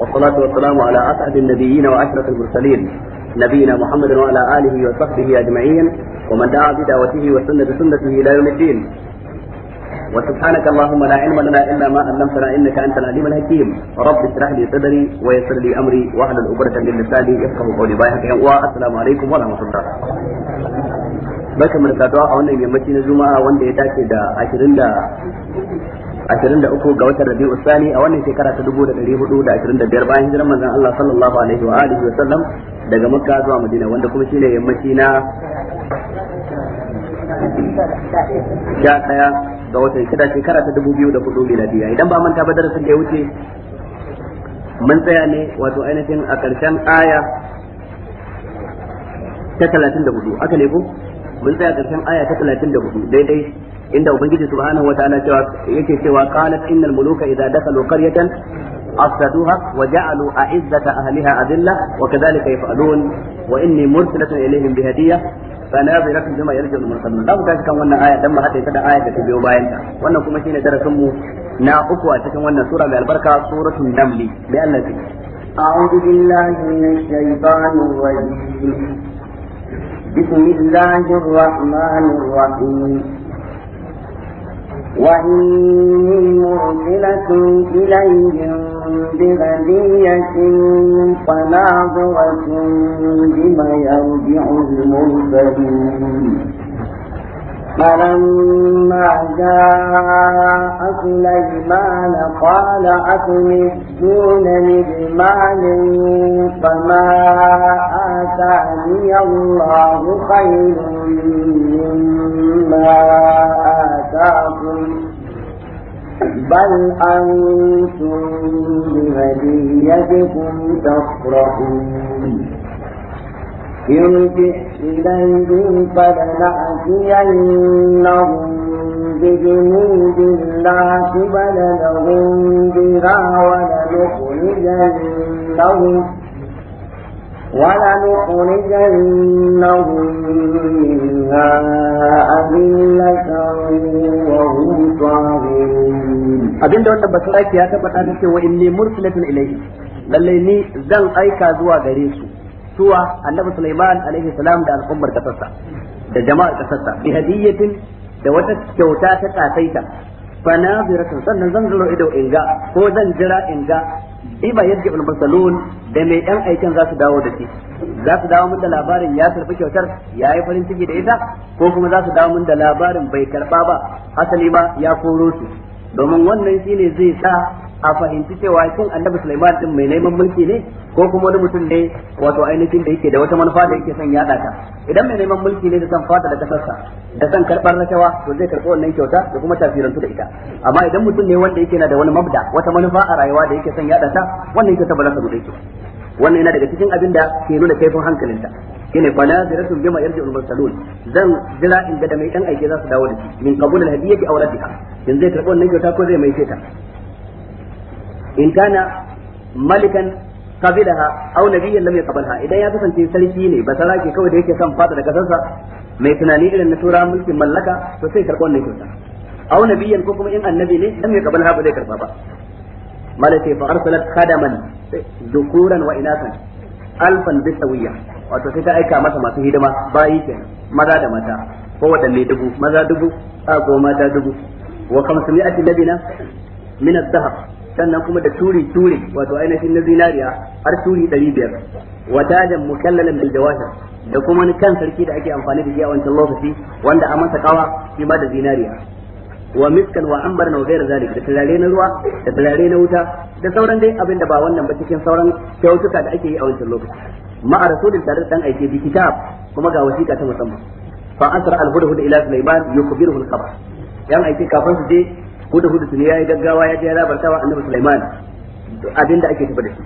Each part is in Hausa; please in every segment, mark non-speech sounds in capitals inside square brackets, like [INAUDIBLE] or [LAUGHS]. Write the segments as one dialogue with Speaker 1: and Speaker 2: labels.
Speaker 1: والصلاة والسلام على أسعد النبيين وأشرف المرسلين نبينا محمد وعلى آله وصحبه أجمعين ومن دعا بدعوته وسنة سنته إلى يوم الدين وسبحانك اللهم لا علم لنا الا ما علمتنا انك انت العليم الحكيم رب اشرح لي صدري ويسر لي امري واحلل عقدة من لساني يفقهوا قولي باي حكي السلام عليكم ورحمة الله barkan mu da saduwa a wannan yammaci na juma'a wanda ya dace da ashirin da 23 ga watan Rabi'u Sani a wannan shekara ta 1425 bayan hijiran manzon Allah sallallahu alaihi wa alihi wa sallam daga Makka zuwa Madina wanda kuma shine yammaci na ɗaya ga watan shida shekara ta 2004 miladiya idan ba manta ba darasin da ya wuce mun tsaya ne wato ainihin a ƙarshen aya ta 34 aka ne ko mun tsaya ƙarshen aya ta 34 daidai inda ubangiji subhanahu wataala cewa yake cewa qalat innal muluka idza dakhalu qaryatan afsaduha wa ja'alu a'izzata ahliha adilla wa kadhalika yaf'alun wa inni mursilatun ilayhim bi hadiyya فناظرة بما يرجع المرسلون لو كان كان wannan aya dan mahadin ta da aya da ta biyo bayan ta wannan kuma shine darasin mu na uku a cikin wannan sura mai albarka suratul
Speaker 2: أعوذ بالله من الشيطان الرجيم بسم الله الرحمن الرحيم وإني مرسلة إليهم بغدية فناظرة بما يرجع المرسلين فلما جاء سليمان قال أتمدونني بمال فما آتاني الله خير مما بل أنتم بهديتكم تفرحون ارجع إليهم فلنأتينهم بجنود لا قبل لهم بها ولنخرجنهم ولنخرجنهم منها أذلة وهم صاغرون أبين دون تبصرك يا تبتعد وإني
Speaker 1: مرسلة إليه lallai ni zan aika zuwa gare su suwa annabi Sulaiman alaihi salam da al'ummar kasarsa da jama'ar kasarsa bi da wata kyauta ta kasaita fa naziratun sannan zan zuro ido in ga ko zan jira in ga ima yadda ibn basalun da mai yan aikin za su dawo da shi za su dawo mun da labarin ya karfi kyautar ya yi farin ciki da ita ko kuma za su dawo mun da labarin bai karba ba asali ma ya koro su domin wannan shine zai sa a fahimci cewa kin annabi Sulaiman din mai neman mulki ne ko kuma wani mutum ne wato ainihin da yake da wata manufa da yake son yada ta idan mai neman mulki ne da san fada da kasarsa da san karbar rashawa to zai karɓi wannan kyauta da kuma tafirantu da ita amma idan mutum ne wanda yake na da wani mabda wata manufa a rayuwa da yake son yada ta wannan kyauta ba za ta gudu wannan yana daga cikin abin da ke nuna kaifin hankalinta shine fala ziratun bima yarji'ul mursalun zan jira in ga da mai dan aike za su dawo da shi min qabul al hadiyati aw raddiha yanzu zai karɓi wannan kyauta ko zai mai ta in kana malikan qabilaha aw nabiyyan lam yaqbalha idan ya kasance sarki ne ba sarki kawai da yake son fada da sa mai tunani irin na tura mulkin mallaka to sai karɓi ne kyauta aw nabiyyan ko kuma in annabi ne lam yaqbalha ba zai karba ba malaka fa arsalat khadaman dhukuran wa inatan alfan bisawiyya wato sai ta aika masa masu hidima bayi kenan maza da mata ko wadanne dubu maza dubu a goma dubu wa kamsu mi'ati labina min ad dhahab sannan kuma da turi turi wato ainihin na zinariya har turi biyar wa tajan mukallalan bil jawahir da kuma wani kan sarki da ake amfani da shi a wancan lokaci wanda a masa kawa shi ma da zinariya wa miskan wa ambar na gairar zalik da turare na ruwa da turare na wuta da sauran dai abin da ba wannan ba cikin sauran kyautuka da ake yi a wancan lokaci ma'a rasulin tare da dan aiki bi kitab kuma ga wasiƙa ta musamman fa asra al-hudhud ila sulaiman yukhbiruhu al-khabar yan aiki kafin su je hudu hudu tuni yayi gaggawa ya je ya labarta wa annabi Sulaiman abinda ake tafi da shi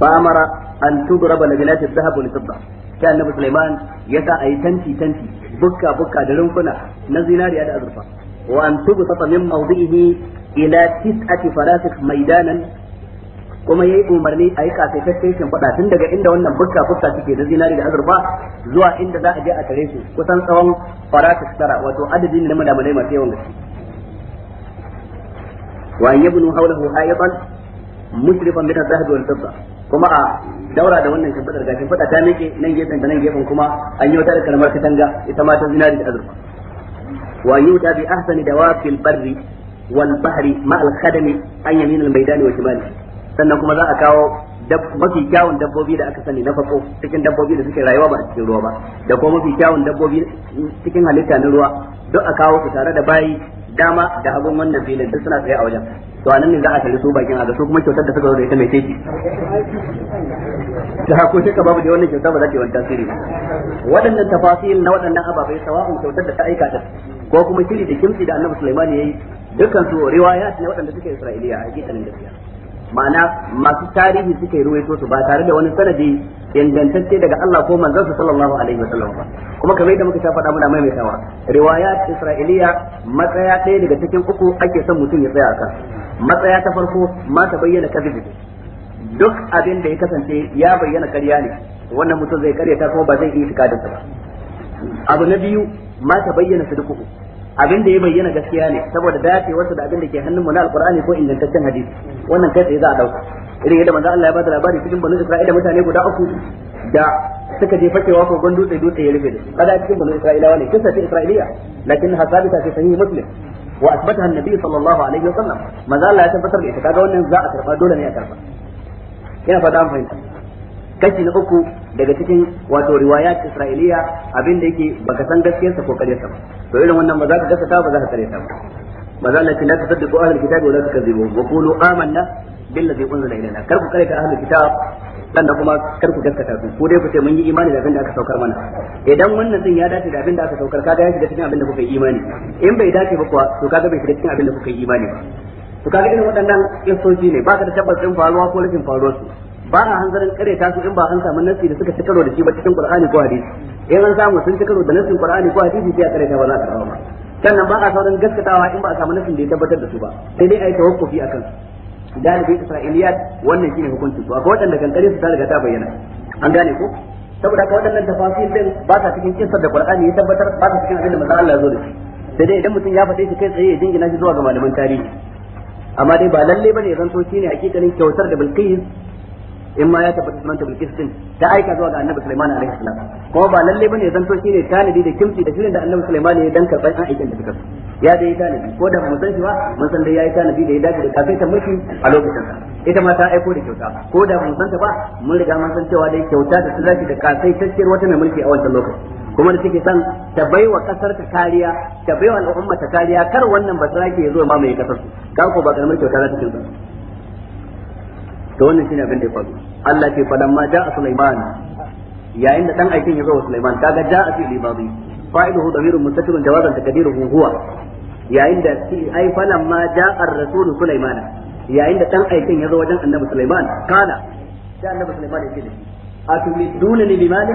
Speaker 1: fa amara an tudraba labilat adh-dhahab wal fidda sai annabi Sulaiman ya sa ayi tanti tanti bukka bukka da rumfuna na zinariya da azurfa wa an tubsata min mawdihi ila tis'ati farasik maidanan kuma yayi umarni a yi kafaitaccen fada tun daga inda wannan bukka bukka suke da zinari da azurfa zuwa inda za a je a tare su kusan tsawon farasik tara wato adadin da madamalai masu yawan gaske وأن يبنوا حوله حائطا مشرفا من الذهب والفضة كما daura da wannan shimfidar ga shimfida ta miƙe nan gefen da nan gefen kuma an yi wata da kalmar katanga ita ma ta zinari da azurfa wa yuta bi ahsani dawafil barri wal bahri ma al khadami an yamin al maidani wa shimali sannan kuma za a kawo mafi kyawun dabbobi da aka sani na fako cikin dabbobi da suke rayuwa ba a cikin ruwa ba da kuma mafi kyawun dabbobi cikin halitta na ruwa duk a kawo su tare da bayi dama da hagun wannan filin duk suna tsaye a wajen to anan ne za a kalli su bakin aga su kuma kyautar da suka zo da ita mai teki da hako shi babu da wannan kyauta ba za ta yi wani tasiri ba waɗannan tafasil na waɗannan ababai sawa'un kyautar da ta aika ta ko kuma shiri da kimci da annabi Sulaiman yayi dukkan su riwaya ne waɗanda suke Isra'iliya a hakikanin gaskiya ma'ana masu tarihi suke ruwaito su ba tare da wani sanadi ingantacce daga Allah ko manzansa sallallahu alaihi wasallam ba kuma kamar yadda muka sha faɗa muna maimaitawa riwaya isra'iliya matsaya ɗaya daga cikin uku ake son mutum ya tsaya akan matsaya ta farko ma ta bayyana kadhibi duk abin da ya kasance ya bayyana ƙarya ne wannan mutum zai karyata kuma ba zai yi tikadin ba abu na biyu ma ta bayyana su duk uku abin da ya bayyana gaskiya ne saboda dacewarsa da abin da ke hannun mu na alqur'ani ko ingantaccen hadisi wannan kai tsaye za a dauka irin yadda manzo Allah ya bada labari cikin banu Isra'ila mutane guda uku da suka je fakewa ko gondu da dutse ya rufe da su kada cikin banu Isra'ila ne kissa ta Isra'iliya lakin hasabita fi sahih muslim wa asbataha an-nabi sallallahu alaihi wasallam manzo Allah ya tabbatar da ita kaga wannan za a karba dole ne a karba ina fata an fahimta kashi na uku daga cikin wato riwaya riwayat Isra'iliya abin da yake baka san gaskiyar sa ko karyarsa sa, to irin wannan ba za ka gaskata ba za ka karyata ba manzo Allah ya ce da tasaddiqu ahlul kitabi wa la wa qulu amanna billazi unzila ilaina kar ku ka ahlul kitab sannan kuma kar ku gaskata su ko dai ku ce mun yi imani da abin da aka saukar mana idan wannan din ya dace da abin da aka saukar kaga ya shiga cikin abin da kuka yi imani in bai dace ba kuwa to kaga bai shiga cikin abin da kuka yi imani ba to kaga irin waɗannan kisoji ne baka da tabbas din faruwa ko rashin faruwar su ba a hanzarin ta su in ba an samu nassi da suka ci karo da shi ba cikin qur'ani ko hadisi in an samu sun ci karo da nassin qur'ani ko hadisi sai a kareta ba za a karɓa ba sannan ba a saurin gaskatawa in ba a samu nassin da ya tabbatar da su ba sai dai a yi tawakkufi akan su galibi isra'iliyat wannan shine hukuncin su akwai waɗanda kankare su ta riga ta bayyana an gane ko saboda ka waɗannan tafasir din ba ta cikin kissar da Qur'ani ya tabbatar ba ta cikin abin da manzon Allah ya zo da shi sai dai idan mutum ya fade shi kai tsaye ya jingina shi zuwa ga malaman tarihi amma dai ba lalle bane ya zanto shine hakikanin kyautar da Bilqis in ma ya tabbata sunanta bilkis din ta aika zuwa ga annabi sulaiman alaihi salam ko ba lalle bane zanto shine tanadi da kimti da shirin da annabi sulaiman ya dan karban aikin da suka ya dai tanadi ko da mun san shi ba mun san dai yayi tanadi da ya dace da kafin ta miki a lokacin sa ita ma ta aiko da kyauta ko da mun san ta ba mun riga mun san cewa dai kyauta da ta da kafai tacciyar wata mai mulki a wancan lokacin kuma da take san ta baiwa kasar ta kariya ta baiwa al'umma ta kariya kar wannan basiraki ya zo ma mai kasar su ka ko ba karamar kyauta za ta kirga to wannan shine abin da ya faru Allah ce falamma ja'a Sulaiman yayin da dan aikin ya zo wa Sulaiman kaga ja'a fi libabi fa'iluhu damirun jawazan takdiruhu huwa yayin da ai falamma ja'a rasul Sulaiman yayin da dan aikin ya zo wajen Annabi Sulaiman kana sai Annabi Sulaiman ya ce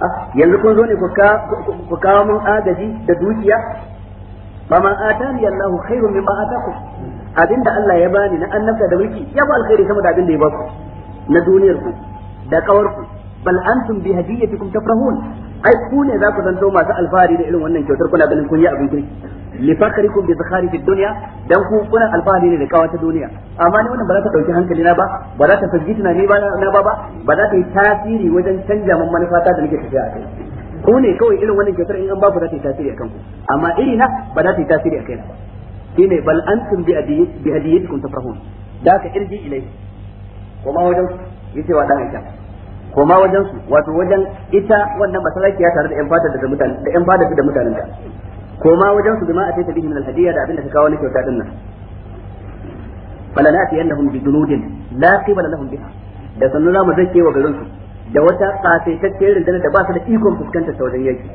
Speaker 1: ah, yanzu kun zo ne ku kawo mun agaji da dukiya ba ma atani Allahu khairun mimma atakum abinda Allah ya bani na annabta da mulki ya ba alkhairi sama da abinda ya ba ku na duniyar ku da kawar ku bal antum bi hadiyatikum tafrahun ai ku ne za ku zanto masu alfahari da irin wannan kyautar kuna ganin kun yi abin kirki li fakhrikum bi zakhari fid dunya dan ku kuna alfahari ne da kawa ta duniya amma ni wannan ba za ta dauki hankali na ba ba za ta fajjita na ni ba na ba ba Ba za ta yi tasiri wajen canja mun manufata da nake tafiya a kai Ku ne kawai irin wannan kyautar in an ba ku za ta yi tasiri a kanku amma iri na ba za ta yi tasiri a kaina ba shine bal antum bi hadiyatikum tafrahun da ka irji ilai koma wajen su ya ce wa dan aisha koma wajen su wato wajen ita wannan masalakiya tare da yan fata da mutane da yan fata da mutanen ta koma wajen su bima ataita bihi min alhadiyya da abin da ka kawo na kyauta din nan falanatiyannahum bijunudin la qibala lahum biha da sannu zamu zake wa garin su da wata kafaitacciyar rundunar da ba su da ikon fuskantar ta wajen yaki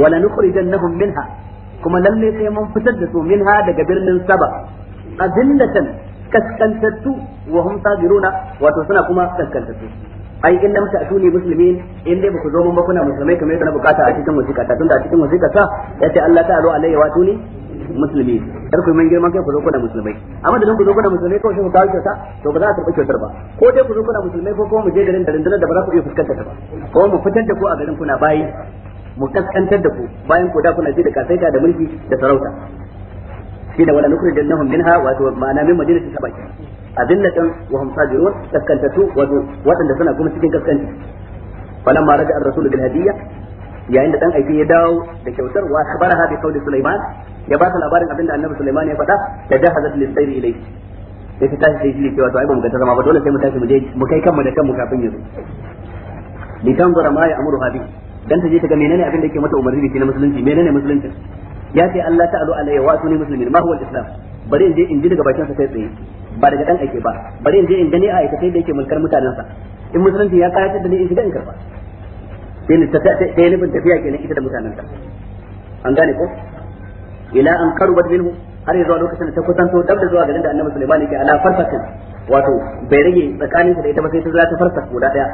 Speaker 1: wala nukhrijannahum minha kuma lalle sai mun fitar da su minha daga birnin saba azillatan kaskantattu wa hum sabiruna wato suna kuma kaskantattu ai in lam ta'tuni muslimin in dai baku zo mun ba kuna musulmai kamar yadda na bukata a cikin wasiƙa ta tunda a cikin wasiƙa ta yace Allah ta'ala alayya wa tuni musulmi kar ku mun girma kai ku zo kuna musulmai amma da ku zo kuna musulmai kawai sai ku kawo ta. to ba za a karɓi kyautar ba ko dai ku zo kuna musulmai ko kuma mu je garin da rundunar da ba za ku iya fuskantar ta ba ko mu fitar da ku a garin kuna bayi mu kaskantar da ku bayan ku da kuna ji da kasaita da mulki da sarauta shi da wala nukrijannahum minha wato ma'ana min madinati sabaki adillatan wa hum sajirun kaskantatu wato waɗanda suna kuma cikin kaskanci falamma raja ar-rasul bil hadiyya yayin da dan aiki ya dawo da kyautar wa akhbaraha bi qawli sulaiman ya ba ta labarin abin da annabi sulaiman ya faɗa da jahazat lis sayri ilay ya ta tashi sai jili cewa to ai ba mu ga ta zama ba dole sai mu tashi mu je mu kai kanmu da kanmu kafin yanzu li tanzura ma ya'muru hadi dan ta je ta ga menene abin da yake mata umarni da na musulunci menene musulunci ya ce Allah ta'alu alayya wa sunni muslimin ma huwa al-islam bari in je in ji daga bakin sa kai tsaye ba daga dan ake ba bari in je in gani a aikatai da yake mulkar mutanensa in musulunci ya kayatar da ni in shiga in karba sai ni sai ni bin tafiya kenan ita da mutanensa an gane ko ila an qarubat minhu har zuwa lokacin da ta kusanto dab da zuwa garin da Annabi Sulaiman yake ala farfatin wato bai rage tsakanin da ita ba sai ta za ta farsa guda daya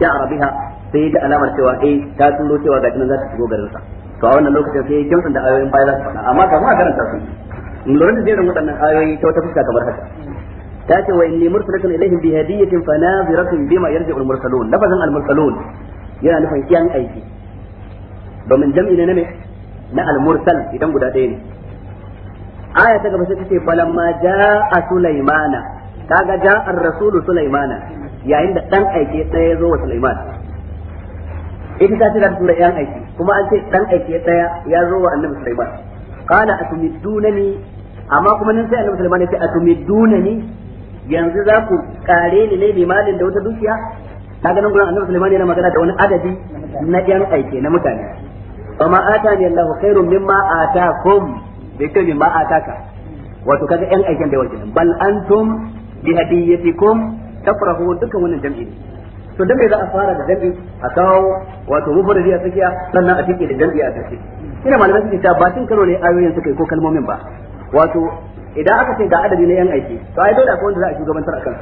Speaker 1: ya arabiha sai ga alamar cewa eh ta tsoro cewa ga nan za ta shigo garin sa to a wannan lokacin sai ya kimsa da ayoyin bayan za su faɗa amma kafin a karanta su lura da jerin waɗannan ayoyi ta wata fuska kamar haka ta ce wa inni mursalatun ilaihim bi hadiyatin fa naziratun bima yarji'ul mursalun lafazin al mursalun yana nufin kiyan aiki domin jam'i ne na me na al mursal idan guda ɗaya ne aya ta gaba sai ta ce falamma ja'a sulaimana kaga ja'a ar-rasulu sulaimana yayin da dan aike ɗaya zo wa sulaiman ita ta ce da tura yan aiki kuma an ce dan aike ɗaya ya zo wa annabi sulaiman qala atumidunani amma kuma nan sai annabi sulaiman ya ce atumidunani yanzu za ku kare ni ne limanin da wata dukiya ta ganin gurin annabi Sulaiman yana magana da wani adadi na yan aike na mutane fa ma atani min khairum mimma atakum bai kai mimma ataka wato kaga yan aiken da wajen bal antum bi hadiyatikum tafrahu dukkan wannan jam'i to dan me za a fara da jam'i a kawo wato mufradi a tsakiya sannan a tike da jam'i a tsakiya ina malamai suke ta ba cin karo ne ayoyin suka yi ko kalmomin ba wato idan aka ce ga adadi na yan aiki to ai dole akwai wanda za a shugabantar akan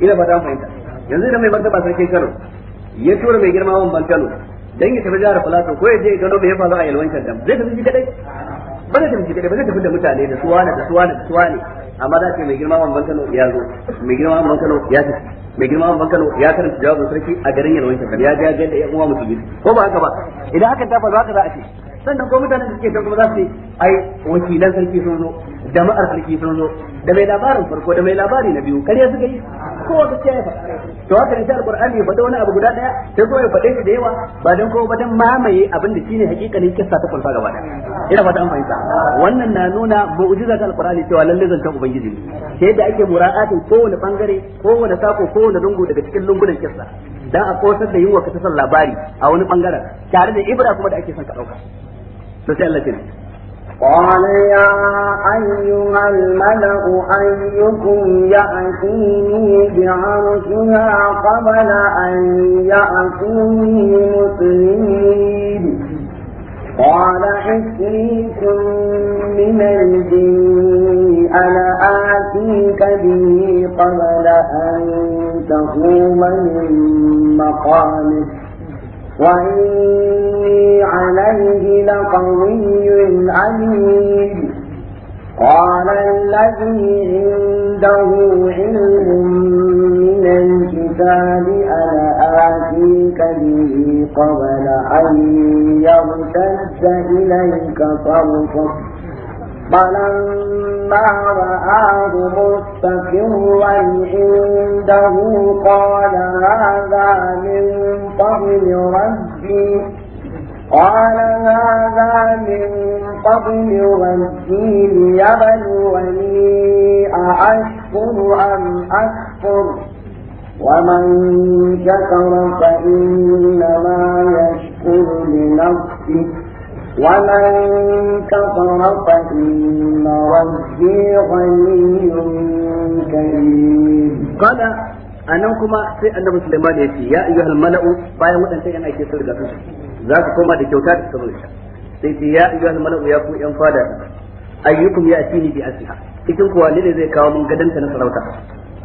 Speaker 1: ina ba ta fahimta yanzu idan mai martaba sarkin Kano ya tura mai girma wan Kano dan ya tafi jihar Plateau ko ya je gano bai faru a yalwancan dam zai tafi shi kadai ba zai tafi shi kadai ba zai tafi da mutane da suwa da suwa da suwane amma za ce mai girma wan Kano ya zo mai girma wan Kano ya tafi mai girma wan Kano ya karanta jawabin sarki a garin yalwancan dam ya je ga da yan uwa musulmi ko ba haka ba idan hakan ta faru haka za a ce sannan ko mutanen da suke can kuma za su yi ai wakilan sarki sun zo ma'ar sarki sun zo da mai labarin farko da mai labari na biyu kariya suka yi kowa gaskiya ya faɗa to haka ne sai alqur'ani ya faɗa wani abu guda daya sai kuma ya faɗa shi da yawa ba dan kowa ba dan mamaye abin da shine hakikanin kissa ta kunsa gaba daya ina fata an fahimta wannan na nuna mu'jiza ta alqur'ani cewa lalle zancan ubangiji ne sai da ake mura'atin kowane bangare kowane sako kowane lungu daga cikin lungunan kissa dan a kosar da yiwa ka ta san labari a wani bangaren tare da ibra kuma da ake son ka dauka
Speaker 2: قال يا أيها الملأ أيكم يأتيني بعرشها قبل أن يأتوني مسلمين قال حسريت من الجن أنا آتيك به قبل أن تقوم من مقامك وإني عليه لقوي أمين قال الذي عنده علم من الكتاب أنا آتيك به قبل أن يرتد إليك طرفك فلما رآه مستقرا عنده قال هذا من فضل ربي قال هذا من فضل ربي ليبلوني أأشكر أم أكفر ومن شكر فإنما يشكر لنفسه ومن كفر فإن ربي غني كريم قال أنا kuma sai annabi Sulaiman ya يا أيها الملأ
Speaker 1: mala'u مدن سيئن أي aike sun ذاك كما za ku koma da kyauta da الملأ shi sai ce أيكم يأتيني mala'u ya yan fada ayyukum ya atini bi asiha cikin kuwa ne zai kawo mun gadanta na sarauta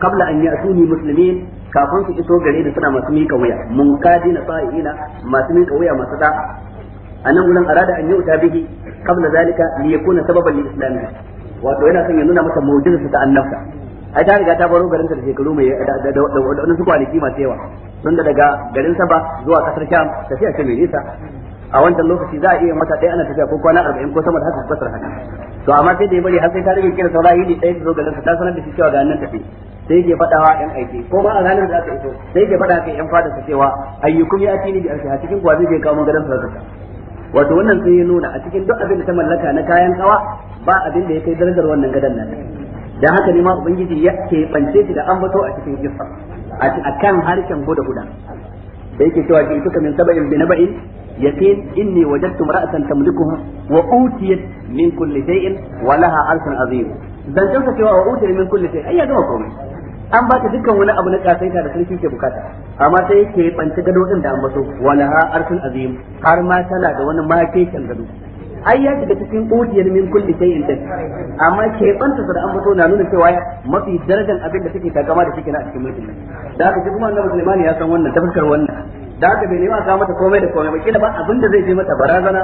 Speaker 1: kabla an ya'tuni musulmi kafin su iso gare da suna masu mika wuya mun kadi na sa'ina masu mika wuya masu da anan gulan arada an yu'ta bihi qabla zalika li yakuna sababan li islamihi wato yana son ya nuna masa mu'jizarsa ta annabta ai ta riga ta baro garin ta da shekaru mai da wannan su kwanaki masu yawa tun da daga garin Saba zuwa kasar Sham tafiya ce mai nisa a wancan lokaci za a iya mata ɗaya ana tafiya ko kwana arba'in ko sama da haka fasar haka to amma sai da ya bari har sai ta rage kira saura yini ɗaya ta zo garin ta sanar da shi cewa ga nan tafi sai yake faɗawa yan aiki ko ba a ranar da aka iso sai yake faɗa ka yan fada cewa ayyukum ya atini bi arshi cikin kuwa zai je kawo garin sarkata wato wannan sai ya nuna a cikin duk abin da ta mallaka na kayan kawa ba abin da ya kai darajar wannan gadan nan da haka ne ma ubangiji ya ke bance shi da ambato a cikin kissa a kan harshen guda guda da yake cewa ji tuka min sab'in bi nab'in yaqin inni wajadtu ra'atan tamlikuha wa utiyat min kulli shay'in wa laha arshun azim dan cewa wa utiyat min kulli shay'in ai ya gama komai an ba ta dukkan wani abu na kasaita da sarki ke bukata amma sai yake banci gado din da an baso ha arsul azim har ma tana da wani makekin gado ai ya shiga cikin ƙudiyar min kulli shay'in din amma keɓanta da an fito na nuna cewa mafi darajar abin da take takama da take na cikin mulkin nan da haka kuma annabi Sulaiman ya san wannan tafsir wannan da haka bai nema ga mata komai da komai ba kila ba abin da zai je mata barazana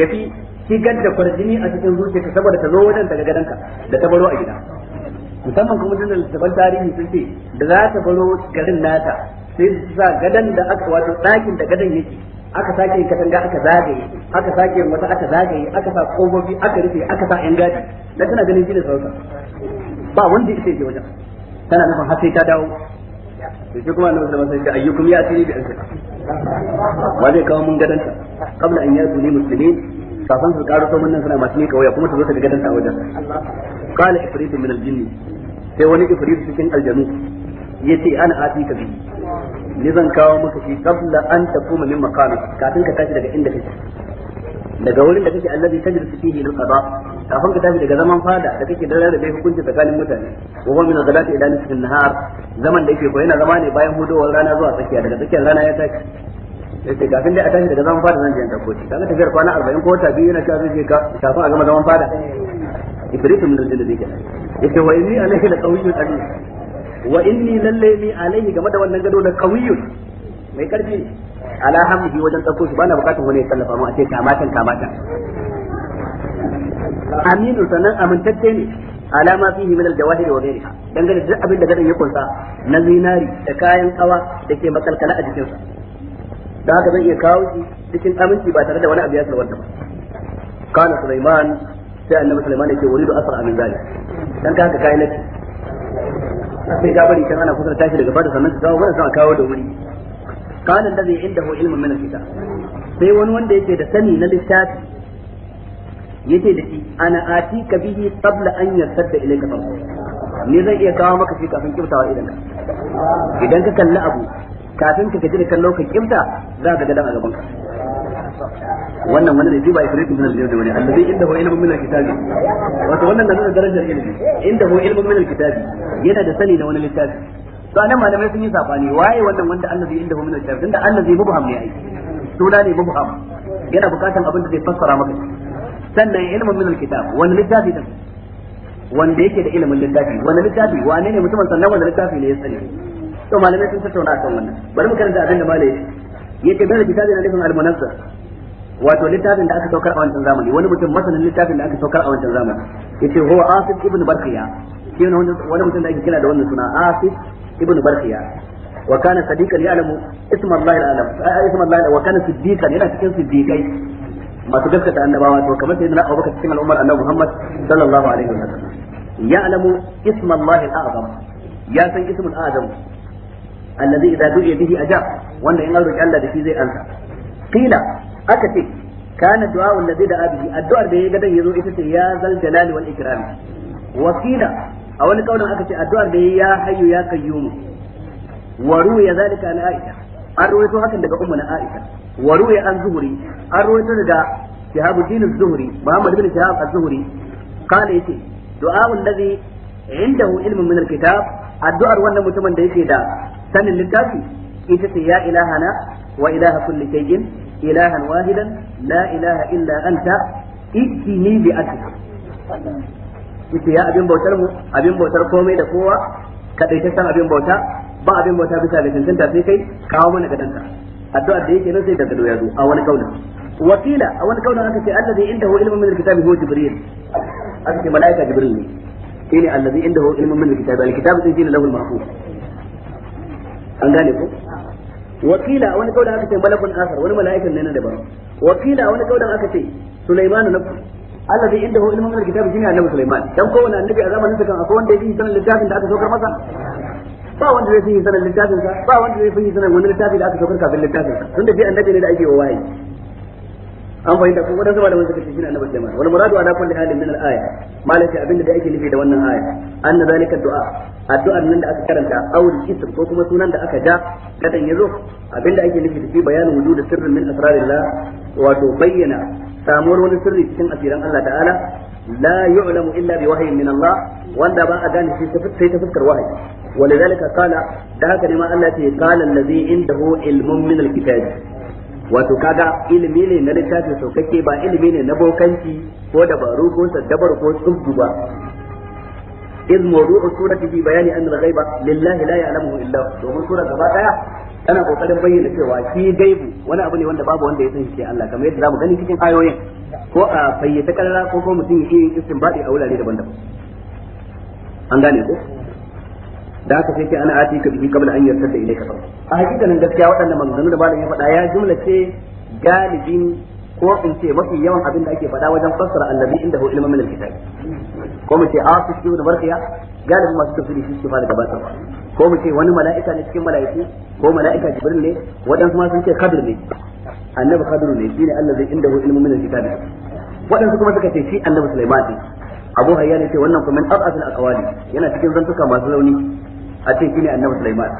Speaker 1: yafi shigar da kwarjini a cikin zuciyarta saboda ta zo wajen daga gadanka da ta baro a gida musamman kuma tun da littafan tarihi sun ce da za ta baro garin nata sai su sa gadan da aka wato ɗakin da gadan yake aka sake yin katanga aka zagaye aka sake yin wata aka zagaye aka sa kofofi aka rufe aka sa yan gadi dan tana ganin shi da sauka ba wanda yake je wajen tana nufin har sai ta dawo to shi kuma annabi sallallahu alaihi wasallam ayyukum ya tiri bi an
Speaker 3: saka wa zai kawo mun gadanta
Speaker 1: kabla an yatu ne musulmi kafin su karo to mun nan suna masu ne kawai kuma su zo ta gadanta a wajen qala ifritun min al sai wani ifrit cikin aljanu ya ce ana ati ka bi ni zan kawo maka shi qabla an takuma min maqami kafin ka tashi daga inda kake daga wurin da kake allazi tajlisu fihi lil qada kafin ka tashi daga zaman fada da kake da rarrabe hukunci tsakanin mutane wa huwa min ghadati ila nisfi nahar zaman da yake ko yana zama ne bayan hudowar rana zuwa tsakiya daga tsakiyar rana ya tashi sai kafin dai a tashi daga zaman fada zan je in dauko shi kaga tafiyar kwana 40 ko wata biyu yana cewa zai je ka kafin a gama zaman fada ifritu min aljinni yake yace wa inni alaihi la qawiyyun amin wa inni lalle ni alaihi game da wannan gado da qawiyyun mai karfi ala hamdi wajen dauko shi bana bukatun wani ya tallafa mu a ce kamatan kamatan aminu sanan amintacce ne alama ma fihi min al-jawahir wa ghayriha dangane da abin da gadan ya kunsa na zinari da kayan kawa da ke makalkala a jikinsa da haka zan iya kawo shi cikin aminci ba tare da wani abu ya sarwanta ba kana Sulaiman sai annabi Sulaiman yake wuridu asra min zalik dan ka haka kai nace
Speaker 3: sai ga bari kan ana
Speaker 1: kusa tashi daga bada sannan ka kawo bari sai kawo da wuri kana allazi indahu ilmun min al-kitab sai wani wanda yake da sani na littafi yace da shi ana ati atika bihi qabla an yasadda ilayka fa ni zai iya kawo maka shi kafin kibtawa idan
Speaker 2: ka idan ka
Speaker 1: kalli abu kafin ka gaji da kallo ka kibta za ka ga dan a gaban ka wannan wani ne ba ifrit min al-jinn da wani allazi indahu ilmun min al-kitabi wato wannan nan darajar ilimi indahu ilmun min al-kitabi yana da sani da wani littafi to anan malamai sun yi sabani waye wannan wanda allazi indahu min al-kitabi tunda allazi mubham ne ai Tuna ne mubham yana bukatan abin da zai fassara maka sannan ilmun min al-kitab wani littafi din wanda yake da ilimin littafi wani littafi wane ne mutumin sannan wani littafi ne ya sani to malamai sun tattauna akan wannan bari mu karanta abin da malai yake da kitabi na nufin al-munazzar wato littafin da aka saukar a wancan zamani wani mutum masanin littafin da aka saukar a wancan zamani yace huwa asif ibn barqiya shi ne wani mutum da ake kira da wannan suna asif ibn barqiya wa kana sadiqan ya'lamu isma Allah al-alam isma Allah wa kana siddiqan yana cikin siddiqai masu gaskata annabawa to kamar sayyidina Abubakar cikin al'ummar annabi Muhammad sallallahu alaihi wa sallam ya'lamu isma Allah al-a'zam ya san ismul a'zam alladhi idza du'iya bihi ajab wanda in an roki Allah da shi zai ansa qila aka ce kana du'a wallazi da abihi addu'ar da ya ga dan yazo ita ce ya zal jalali wal ikram wakila a wani kaulin aka ce addu'ar da ya hayyu ya kayyumu wa ruya zalika an aisha an ruwaito hakan daga ummu na aisha wa ruya an zuhuri an ruwaito daga shihabuddin az-zuhri muhammad ibn shihab az-zuhri kana yace du'a wallazi indahu ilmun min al-kitab addu'ar wannan mutumin da yake da sanin littafi ita ce ya ilahana wa ilaha kulli shay'in ilahan wahidan la ilaha illa anta ikini bi atika yace ya abin bautar mu abin bautar komai da kowa kadai ta abin bauta ba abin bauta bisa ga cancanta sai kai kawo mana gadanka addu'a da yake nan sai daga doya zo a wani kaulin wakila a wani kaulin aka ce Allah inda indahu ilmun min alkitabi huwa jibril aka ce malaika jibril ne Allah shine allazi indahu ilmun min alkitabi sun sai shine lahul mahfuz an gane ko wakila wani kaudan aka ce malakun asar wani mala'ikan ne na daban wakila wani kaudan aka ce sulaiman na allah allazi indahu ilmun min alkitabi shine annabi sulaiman dan kowanne annabi a zamanin sa kan akwai wanda yake sanin littafin da aka saukar masa ba wanda zai fi sanin littafin sa ba wanda zai fi sanin wani littafi da aka saukar kafin littafin sa tunda shi annabi ne da ake wa wahayi an fahimta ko wadansu malaman suka ce shine annabi Sulaiman wal muradu ala kulli halin min al aya malaka abinda da ake nufi da wannan aya anna zalika du'a addu'a nan da aka karanta aul ism ko kuma sunan da aka ja kadan yazo abinda ake nufi da shi bayanin wujud sirrin min asrarillah wato bayyana samuwar wani sirri cikin asiran Allah ta'ala la yu'lamu illa bi wahyin min Allah wanda ba a gane shi sai ta fuskar wahayi ولذلك قال ده كلمة التي قال الذي عنده علم من الكتاب wato kaga ilimi ne na littafin saukake ba ilimi ne na bokanci ko dabaru ko saddabar ko tsubbu ba iz mawdu'u surati bi bayani an al-ghaiba lillahi la ya'lamuhu illa hu domin sura gaba daya tana kokarin bayyana cewa shi gaibu wani abu ne wanda babu wanda ya san shi Allah kamar yadda zamu gani cikin ayoyin ko a fayyata karara ko ko mutum yake yin istinbadi a wurare daban-daban an gane ko da aka sai ana ati ka bihi kabla an yarda da ilaika sau a hakikanin gaskiya waɗannan maganganu da malam ya faɗa ya jumla ce galibin ko in ce mafi yawan abin da ake faɗa wajen fassara annabi inda hu ilmin min kitab ko mu ce asif ibn barqiya galibin masu tafsiri shi ke fara gabatarwa ko mu ce wani mala'ika ne cikin mala'iku ko mala'ika jibril ne waɗansu ma sun ce khadir ne annabi khadir ne shine allazi inda hu ilmin min kitab waɗansu kuma suka ce shi annabi sulaiman ne abu hayya ne ce wannan kuma min ab'atul aqwali yana cikin zantuka masu rauni a ce shine annabi Sulaiman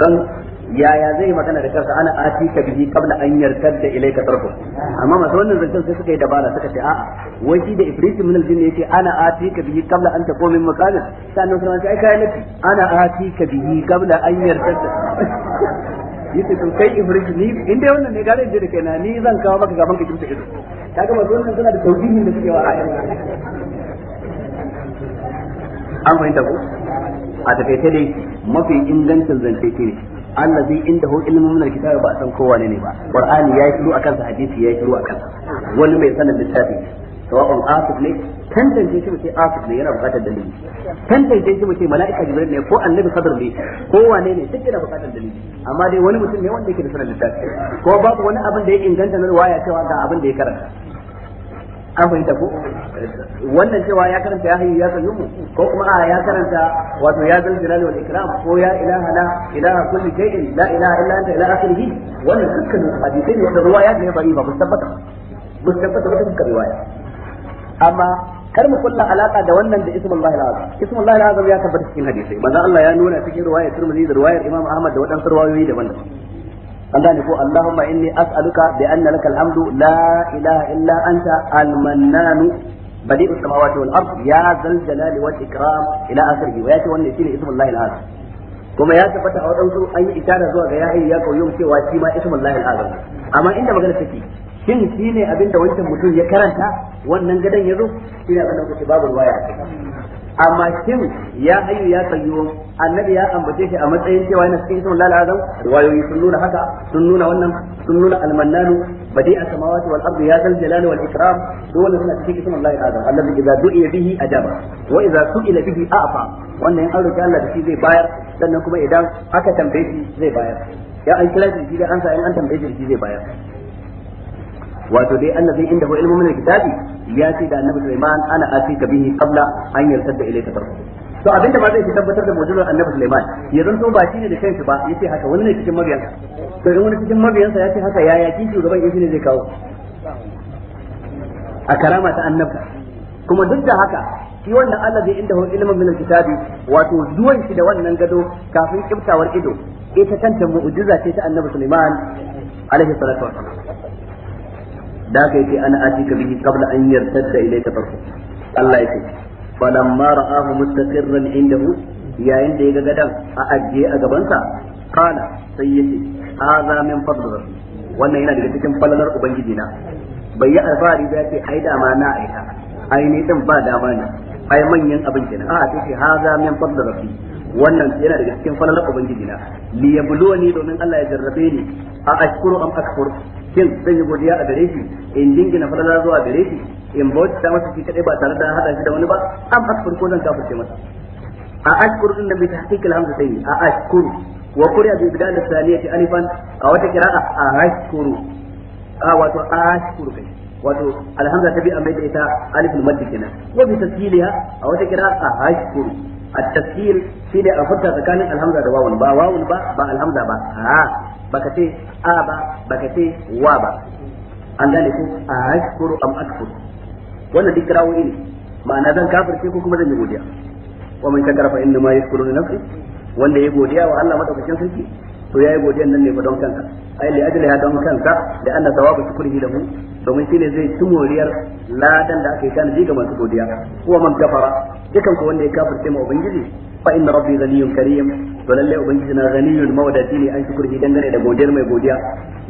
Speaker 1: don yaya zai magana da kansa ana ati ka bihi kabla an yarkar da ilaika tarfu amma masu wannan zancen sai suka yi dabara suka ce a'a wai shi da ifritin min aljin yace ana ati ka bihi kabla an taqo min makana sannan ce ai kai ne ana ati ka bihi kabla an yarkar da [LAUGHS] yace to kai ifritin ni inda wannan ne gare da kai na ni zan kawo maka gaban ka kimta ido kaga masu wannan suna da tauhihin da suke wa ayyuka
Speaker 3: an fahimta ko a
Speaker 1: takaice dai mafi ingancin zance shi ne allazi inda hu ilmu min alkitab ba san kowa ne ba qur'ani ya shiru akan sa hadisi ya shiru akan wani mai sanin littafi sawa'un asif ne tantance shi mace asif ne yana bukatar dalili tantance shi mace mala'ika jibril ne ko annabi sadr ne ko wane ne duk yana bukatar dalili amma dai wani mutum ne wanda yake da sanin littafi ko babu wani abin da ya inganta na riwaya cewa ga abin da ya karanta an fahimta ko wannan cewa ya karanta ya hayyu ya qayyum ko kuma a ya karanta wato ya zal jalali wal ikram ko ya ilaha la ilaha kulli shay'in la ilaha illa anta ila akhirih wannan dukkan hadisi ne wanda ruwaya ne bari ba tabbata ba tabbata ba dukkan riwaya amma kar mu kulla alaka da wannan da ismul lahil azam ismul lahil azam ya tabbata cikin hadisi manzo Allah ya nuna cikin riwayar Tirmidhi da riwayar Imam Ahmad da wadansu riwayoyi daban-daban an gane ko Allahumma inni as'aluka bi anna laka alhamdu la ilaha illa anta al-mannanu badi'u samawati wal ard ya zal jalali wal ikram ila akhirih wa yace wannan shine ismullahi al-azam kuma ya tabbata a wadansu an yi itara zuwa ga yayi ya kauyum cewa shi ma ismullahi al-azam amma inda magana take shin shine abinda wancan mutum ya karanta wannan gadan yazo shine abinda kuke babu waya. amma shin ya hayyu ya qayyum annabi ya ambace shi a matsayin cewa yana cikin ismul lal azam riwayoyi sun nuna haka sun nuna wannan sun nuna almannanu badi a samawati wal ardi ya zal jalali wal ikram dole suna cikin ismul lal azam allazi idza du'iya bihi ajaba wa idza su'ila bihi a'fa wannan in an roki Allah da shi zai bayar sannan kuma idan aka tambaye shi zai bayar ya an kira shi da sa in an tambaye shi zai bayar wato dai allazi inda hu ilmu min alkitabi ya ce da annabi Sulaiman ana ka bihi qabla an yartada ta farko. to abinda ma zai tabbatar da mu'jizar annabi Sulaiman ya zanto ba ne da kansa ba yace haka wani ne cikin mabiyansa to idan wani cikin mabiyansa ya ce haka yaya kishi gaban yashi ne zai kawo a karama ta annabta kuma duk da haka shi wannan Allah zai inda ilmin min kitabi wato zuwan shi da wannan gado kafin kiftawar ido ita kanta mu'jiza ce ta annabi Sulaiman alaihi salatu wassalam da haka yake ana ka bihi kabla an ilai ka tarfu Allah yake falamma ra'ahu mustaqirran indahu yayin da ya ga gadan a ajiye a gabansa qala sai yace hadha min fadl rabbi wannan yana daga cikin falalar ubangiji na bai yi alfahari ba yace ai da ma na aika ai ne din ba dama ne ai manyan abin kenan a'a sai hadha min fadl rabbi wannan yana daga cikin falalar ubangiji na li yabluwani domin Allah ya jarrabe ni a ashkuru am akfur Kin zan yi godiya a gare shi in dingina falala zuwa gare shi in bauta masa shi kadai ba tare da hada shi da wani ba am akfur ko zan ce masa a ashkuru din da bi tahqiq alhamza sai a ashkuru wa quriya bi bidal thaniyati alifan a wata qira'a a ashkuru a wato ashkuru kai wato alhamza ta bi amma da ita alif al-madd kenan wa bi tasliha a wata qira'a hashkur at-taslir shine a furta tsakanin alhamza da wawun ba wawun ba ba alhamza ba ha baka ce a ba baka ce wa ba an gane ko a hashkuru am akfur wannan duk kirawoyi ne ma'ana zan kafirce ko kuma zan yi godiya wa man shakara fa inna ma yashkuru li nafsi wanda ya godiya wa Allah madaukakin sarki to yayi godiyan nan ne ba don kanka ai li ajliha don kansa da anna thawabu shukrihi lahu domin shine zai ci moriyar ladan da aka yi ji ga masu godiya kuwa man kafara dukan ko wanda ya kafirce ma ubangiji fa inna rabbi ghaniyyun karim to lalle ubangiji na ghaniyyun mawadati ne an shukrihi dangane da godiyar mai godiya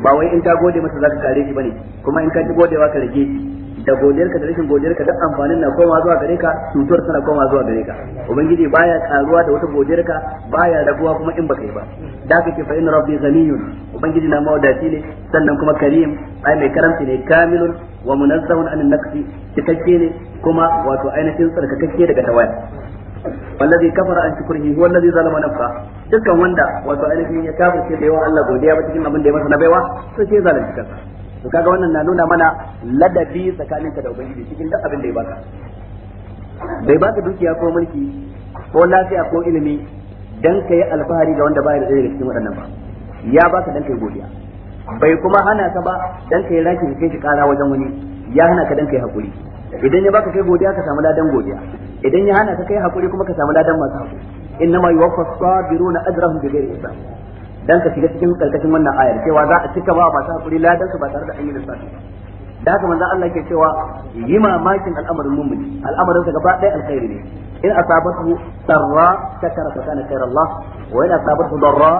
Speaker 1: ba wai in ta gode masa zaka kare shi bane kuma in ka ci godewa ka rage shi da godiyarka da rashin godiyarka duk amfanin na koma zuwa gare ka tutuwar tana koma zuwa gare ka ubangiji baya karuwa da wata godiyarka baya raguwa kuma in baka yi ba da ka ce fa inna rabbi ghaniyun ubangiji na mawadaci ne sannan kuma karim ai mai karamci ne kamilun wa munazzahun anin nafsi cikakke ne kuma wato ainihin tsarkakakke daga tawaya wallazi kafara an shukrihi huwa allazi zalama nafsa dukkan wanda wato ainihin ya kafirce da yawa Allah godiya ba cikin abin da ya masa na baiwa sai sai zalunci kansa to kaga wannan na nuna mana ladabi ka da ubangiji cikin duk abin da ya baka bai baka dukiya ko mulki ko lafiya ko ilimi dan kai alfahari ga wanda baya da zai cikin waɗannan ba ya baka dan kai godiya bai kuma hana ka ba dan kai raki kai shi kara wajen wani ya hana ka dan kai hakuri idan ya baka kai godiya ka samu ladan godiya idan ya hana ka kai hakuri kuma ka samu ladan masu hakuri innama yuwaffa sabiruna ajrahum bighairi hisab dan ka shiga cikin karkashin wannan ayar cewa za a cika ba masu hakuri ladan su ba tare da an yi lissafi da haka manzo Allah ke cewa yi mamakin al'amarin mummuni al'amarin sa gaba ɗaya alkhairi ne in asabatu sarra shakara fa kana khairu Allah wa in asabatu darra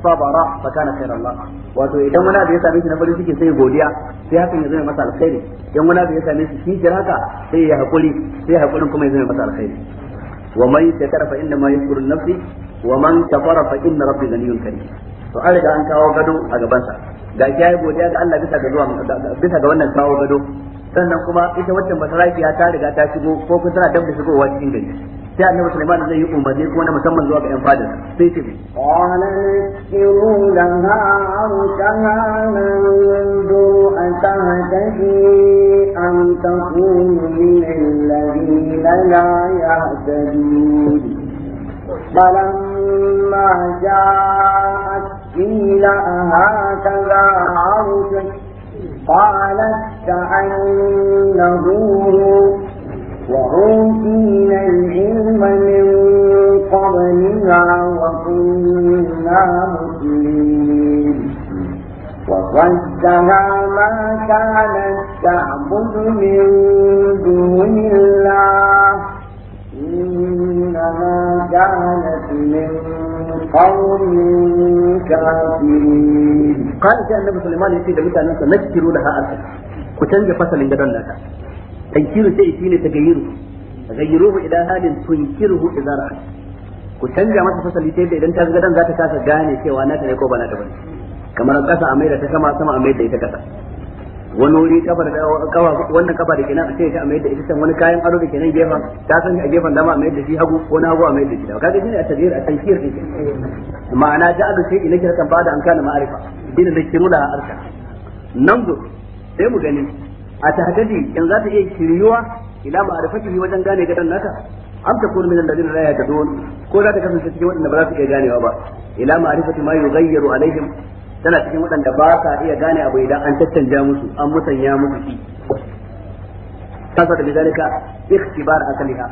Speaker 1: sabara fa kana khairu Allah wato idan wani abu ya same shi na farin ciki sai godiya sai hakan ya zama masa alkhairi idan wani abu ya same shi shi jira haka sai ya hakuri sai hakurin kuma ya zama masa alkhairi wa man shakara fa inna ma yashkuru nafsi wa man kafara fa inna rabbi ghaniyyun karim to an riga an kawo gado a gabansa ga kiyaye godiya ga Allah bisa ga zuwa bisa ga wannan kawo gado sannan kuma ita wacce masarafiya ta riga ta shigo ko kun tana dabda shigowa cikin gari sai annabi Sulaiman zai yi umarni kuma na musamman zuwa ga yan fadar
Speaker 3: sai ce
Speaker 2: qala kiru laha arkaha takunu min alladhina la yahtadun قيل أهكذا عرشك قالت كأنه هو وأوتينا العلم من قبلها وكنا مسلمين وصدها ما كانت تعبد من دون الله إنما كانت قوم كافرين قال sai annabi
Speaker 1: da da ku canja fasalin sai halin ku masa fasali ta yadda idan ta gadon za ta kasa gane cewa ta ne ko ba ta bane kamar kasa a maida ta sama sama a maida ita kasa wani wuri kafar kawa wannan kafa da kenan a ce ta mai da ita wani kayan ado da kenan gefen ta san a gefen dama a mai da shi hagu ko na hagu a mai da shi da kaga shine a tajir a tankir din ma'ana da aka ce ina kira kan bada an kana ma'arifa shine da kirula arka nan go sai mu gani a tahaddi in za ta iya shiryuwa ila ma'arifatihi wajen gane gadan nata am takun min alladhina la yahtadun ko za ta kasance cikin wadanda ba za su iya ganewa ba ila ma'arifati ma yughayyiru alaihim tana cikin waɗanda ba sa iya gane abu idan an tattanja musu an musanya musu shi kasa da bidalika ikhtibar akaliha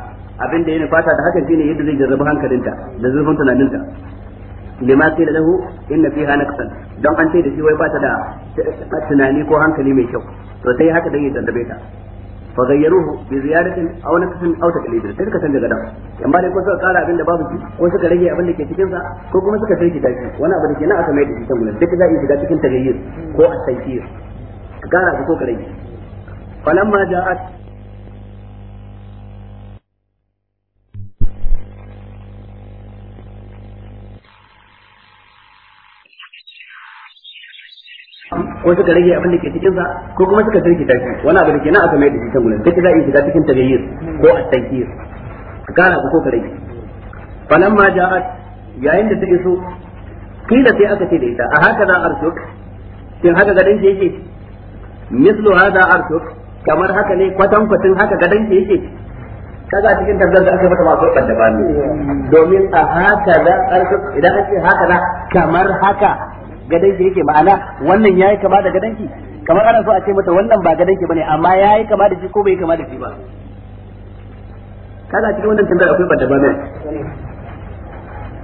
Speaker 1: abin da yana fata da hakan shine yadda zai jarrabu hankalinta da zurfin tunaninta lima qila lahu inna fiha naqsan don an ce da shi wai bata da tunani ko hankali mai kyau to sai haka dai ya jarrabe ta fa gayyaruhu bi ziyadatin aw naqsin aw taqlidin sai suka canza gadan in ba kara abin da babu shi ko suka rage abin da ke cikin sa ko kuma suka sai kidashi wani abu da ke nan aka mai da shi can duk za a shiga cikin tagayyur ko at-tayyir ka ka rage falamma ja'at ko suka rage abin da ke cikin sa ko kuma suka tarki tarki wani abu da ke na aka mai da cikin gudun kace za a yi shiga cikin tagayyir ko a at-tankir kana ko ka rage ma ja'at yayin da ta iso kila sai aka ce da ita a haka za arshuk shin haka gadan ke yake mislu hada arshuk kamar haka ne kwatan kwatin haka gadan ke yake kaga cikin tabbar da aka mata ba sai da bani domin a haka za arshuk idan ake haka na kamar haka gadan ki yake ma'ana wannan yayi kama da gadan ki kamar ana so a ce mata wannan ba gadan ki bane amma yayi kama da shi ko bai kama da shi ba kaga cikin wannan tambayar akwai bada bane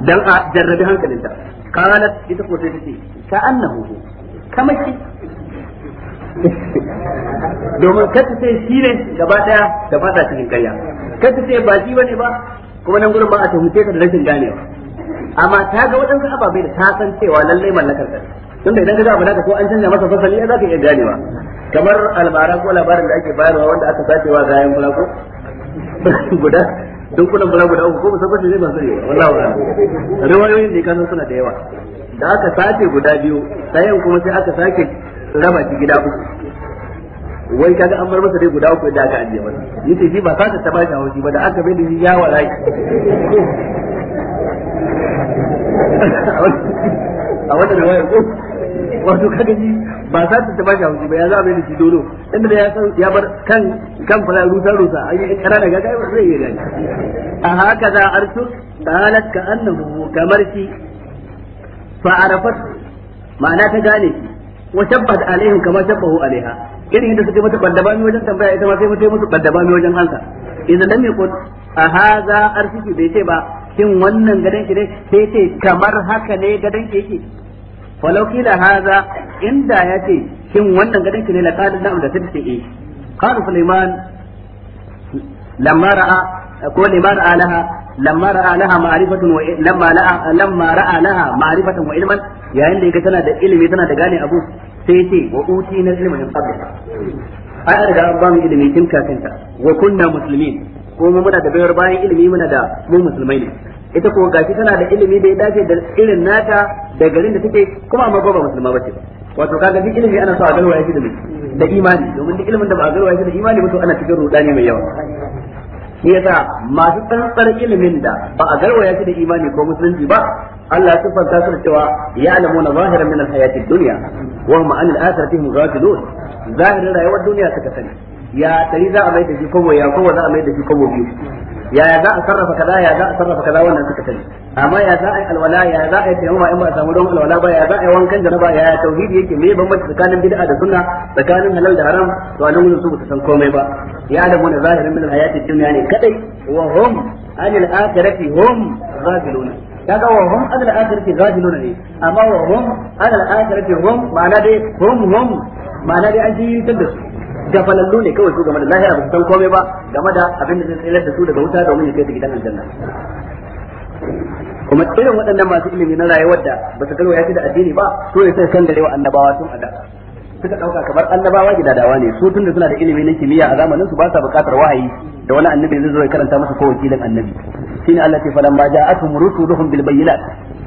Speaker 1: dan a jarrabi hankalinta qalat ita ko sai tace ka annahu kamar shi [LAUGHS] domin kata sai shi ne gaba daya da fata cikin karya kata sai ba shi bane ba kuma nan gurin ba a tuhumce ka da rashin ganewa amma ta ga waɗansu ababai da ta san cewa lallai mallakar ka tunda idan ka ga abu naka ko an canza masa fasali za ka iya ganewa kamar albaran ko labarin da ake bayarwa wanda aka sace wa gayan fulako guda duk kunan bala guda uku ko ba sabbace ne ba sai ba wallahi ba riwayoyin da kan suna da yawa da aka sace guda biyu sayan kuma sai aka sake raba shi gida uku wai kaga an bar masa dai guda uku da aka ajiye masa yace shi ba sa ta bashi shi ba da aka bai da shi yawa rai a wannan riwayar ko wato kaga ji ba sa ta ba shi haushi ba ya za a bai da shi dodo inda da ya san ya bar kan kan fara rusa rusa an yi kana daga kai ba zai yi gani a haka za arsu dalat ka annahu kamar shi fa arafat ma'ana ta gane shi wa tabbat alaihim kama tabbahu alaiha irin yadda suke mata bandaba mi wajen tambaya ita ma sai mata musu bandaba mi wajen hansa idan lam yakun a haza arsu bai ce ba shin wannan gadon ki ne sai ce kamar haka ne gadon ki yake walau kila haza inda ya ce shin wannan gadon ki ne la qalin na'am da sai ce eh qala sulaiman lamma ra'a ko lima ra'a laha lamma ra'a laha ma'rifatan wa lamma la'a lamma ra'a laha ma'rifatan wa ilman yayin da yake tana da ilimi tana da gane abu sai ce wa uti na ilmin qabla ai an riga an ba mu ilimi tun kafin ta wa kunna muslimin ko mu muna da bayar bayan ilimi muna da mu musulmai ne ita ko gashi tana da ilimi da ya dace da irin nata da garin da take kuma amma ba musulma bace wato kaga duk ilimi ana so a garwaya yake da da imani domin duk ilimin da ba a garwaya yake da imani ba to ana cikin rudani mai yawa shi yasa masu tsantsar ilimin da ba a garwa yake da imani ko musulunci ba Allah ya sifanta su da cewa ya'lamuna zahiran min al-hayati dunya wa hum 'an al-akhirati hum ghafilun zahirin rayuwar duniya suka sani ya dari za a mai da shi kowa ya kowa za a mai da shi kowa biyu ya ya za a sarrafa kaza ya za a sarrafa kaza wannan suka sani amma ya za a yi alwala ya za a yi tayammuma in ba a samu don alwala ba ya za a yi wankan janaba ya ya tauhidi yake me bambanci tsakanin bid'a da sunna tsakanin halal da haram to anan wurin su ba san komai ba ya da mun zahirin min hayati dunya ne kadai wa hum anil akhirati hum ghafiluna kaga wa hum adal akhirati ghafiluna ne amma wa hum adal akhirati hum ma'ana dai hum hum ma'ana dai an yi yin da su falallu ne kawai su game da lahira ba su san komai ba game da abin da zai tsayar da su daga wuta domin ya kai su gidan aljanna kuma irin waɗannan masu ilimi na rayuwar da ba su kalwa ya da addini ba su ne sai san garewa annabawa tun a da suka ɗauka kamar annabawa gidadawa ne su tun da suna da ilimi na kimiyya a zamanin su ba sa buƙatar wahayi da wani annabi zai zo ya karanta masa ko wakilin annabi shine Allah ce falamma ja'atuhum rusuluhum bil bayyinat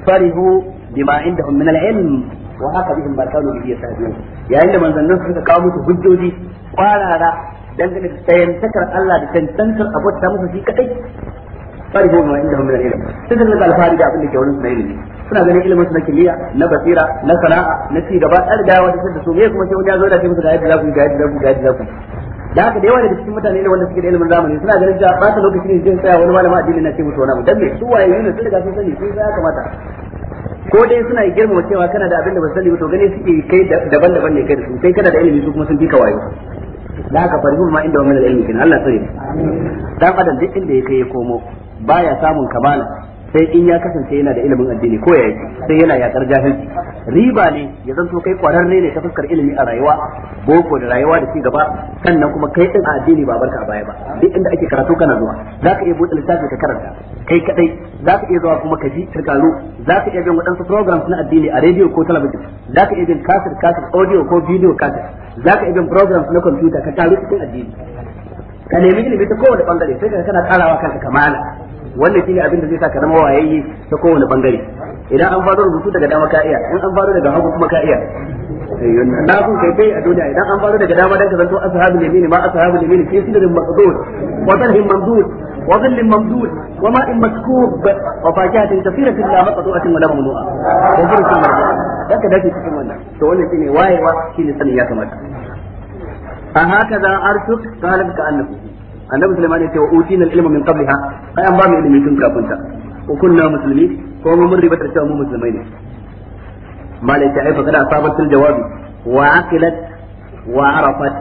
Speaker 1: farihu bima indahum min al-ilm wa haka bihim ba kanu bihi yasabun yayin da manzannin suka kawo musu hujjoji kwarara dangane da tsayantakar Allah da tantantar abota musu shi kadai farihu ma inda hum min ilm sai da alfari da abin da ke wurin na ilimi suna ganin ilimin su na kimiyya na basira na sana'a na ci gaba da riga wata da su me kuma sai wani ya zo da ke musu ga yadda za ku ga yadda za ku ga yadda za ku da haka da yawa daga cikin mutane ne wanda suke da ilimin zamani suna ganin cewa ba ta lokacin jin tsaya wani malama addini na ce musu wani abu dan me su waye ne su riga sun sani sun ya kamata ko dai suna girmama cewa kana da abin da basali to gani suke kai daban-daban ne kai da su kai kana da ilimi su kuma sun bi ka wayo da haka farhu ma inda wannan ilimi kana Allah sai dan adam duk inda ya kai ya komo baya samun kamala sai in ya kasance yana da ilimin addini ko yayi sai yana yakar jahilci riba ne ya zanto kai kwararre ne ta fuskar ilimi a rayuwa boko da rayuwa da ci gaba sannan kuma kai din a addini ba barka a baya ba duk inda ake karatu kana zuwa zaka iya buɗe littafi ka karanta kai kadai zaka iya zuwa kuma ka ji tarkalo zaka iya bin wadansu programs na addini a radio ko talabijin zaka iya bin kasir kasir audio ko video kasir zaka iya bin programs na computer ka taru cikin addini ka nemi ilimi ta kowane bangare sai ka kana karawa kanka kamala wannan shine abin da zai sa ka zama wayayye ta kowane bangare idan an faro rubutu daga dama ka iya in an faro daga hagu kuma ka iya
Speaker 3: eh, na kun
Speaker 1: kai kai a duniya idan an faro daga dama dan ka zanto ashabul yamin ma ashabul yamin fi sidrin maqdud wa tarhim mamdud wa dhillin mamdud wa ma'in maskub wa fakihatin kathiratin la maqdu'atin wa la mamnu'a wa furqin marbu'a dan ka dace cikin wannan to wannan shine wayewa shine sanin ya kamata a haka za arshuk kalaka annabi annabi sulaiman ya ce wa utina al-ilma min qabliha ai an ba mu ilimi tun kafin ta ko kunna musulmi ko mu mun ribatar cewa mu musulmai ne malai ta aifa kada sabatul jawabi wa aqilat wa arafat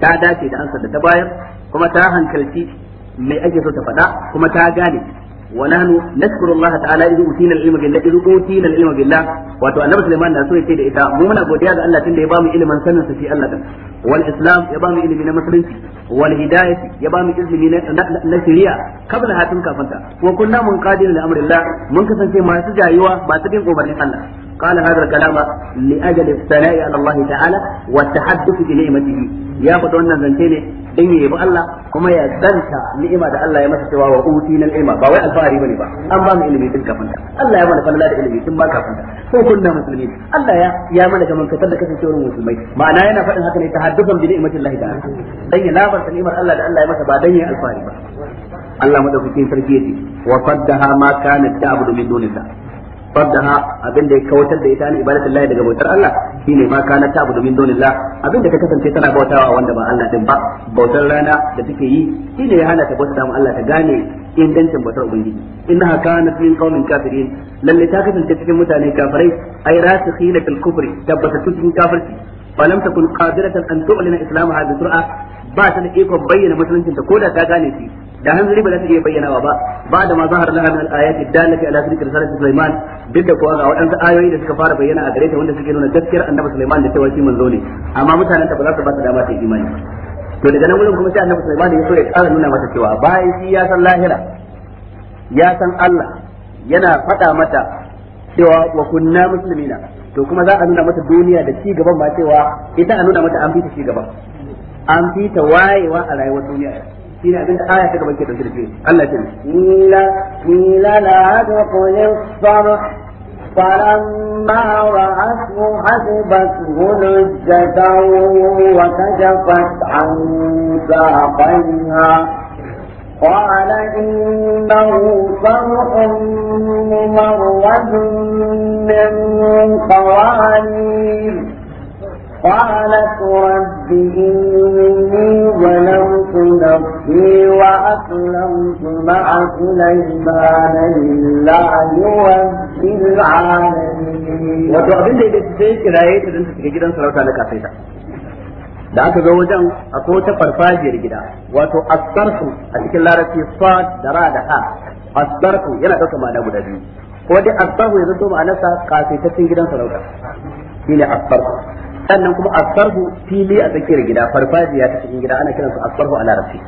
Speaker 1: ta dace da ansa da ta bayar kuma ta hankalci mai ake so ta faɗa kuma ta gane ونحن نذكر الله تعالى إذ أوتينا العلم بالله إذ أوتينا العلم بالله wato annabi Sulaiman na so ya ce da ita mu muna godiya ga Allah tunda ya bamu ilimin sanin sa shi Allah din wal islam ya bamu ilimi na musulunci wal hidayati ya bamu ilimi na shari'a kabla hatun kafanta wa kunna mun qadir li amrillah mun kasance masu jayuwa ba su bin umarnin Allah قال هذا الكلام لأجل الثناء على الله تعالى والتحدث بنعمته يا فتوى أن زنتيني dan ya yabi Allah kuma ya danta ni'ima da Allah ya masa cewa wa uti na ni'ima ba wai alfahari bane ba an ba mu ilimi tun Allah ya mana falala da ilimi tun ba kunna musulmi Allah ya ya mana gaman kasar da kasancewar musulmai ma'ana yana faɗin haka ne ta haddukan bi ni'matillahi ta'ala dan ya labarta ni'mar Allah da Allah ya masa ba dan ya alfahari ba Allah madaukakin sarki yace wa faddaha ma kanat ta'budu min dunillah faddaha abin da ya kawatar da ita ne ibadatullahi daga bautar Allah shine ma kana ta abu domin dunillah abin da ta kasance tana bautawa wanda ba Allah din ba bautar rana da take yi shi ne ya hana ta bauta mu Allah ta gane ingancin bautar ubangiji innaha kanat min kaunin kafirin lallai ta kasance cikin mutane kafirai ay rasikhina fil kufri tabbata cikin kafirci falam takun qadiratan an tu'lina islamaha bi sur'a ba ta da ikon bayyana musuluncinta ko da ta gane shi da hanzari ba za su iya bayyanawa ba ba da ma zahar lana min al-ayati dallati ala sirri salat Sulaiman duk da kuwa ga waɗansu ayoyi da suka fara bayyana a gare ta wanda suke nuna gaskiyar annabi Sulaiman da cewa shi manzo ne amma mutanen ta ba za su ba ta dama ta imani to daga nan wurin kuma sai annabi Sulaiman ya so ya ƙara nuna mata cewa bayan shi ya san lahira ya san Allah yana faɗa mata cewa wa kunna muslimina to kuma za a nuna mata duniya da ci gaban ma cewa ita a nuna mata an fita ci gaban an fita wayewa a rayuwar duniya shine abin da aya
Speaker 2: ta gaban ke dauke da shi Allah ya illa illa la فلما رأته حسبته لجة وكشفت عن ساقيها قال إنه صرح ممرد من قوانين قالت رب إني ظلمت نفسي وأسلمت مع سليمان لله رب العالمين wato abin
Speaker 1: da yake sai kiraye ta dan gidan sarauta na da aka ga wajen akwai wata farfajiyar gida wato asbarku a cikin larabci sad da ra da ha asbarku yana ɗauka ma'ana guda biyu ko dai asbarku ya zanto ma'anarsa kafaitaccen gidan sarauta shine asbarku sannan kuma asfarhu fili a tsakiyar gida farfajiya ta cikin gida ana kiransu asfarhu a larabci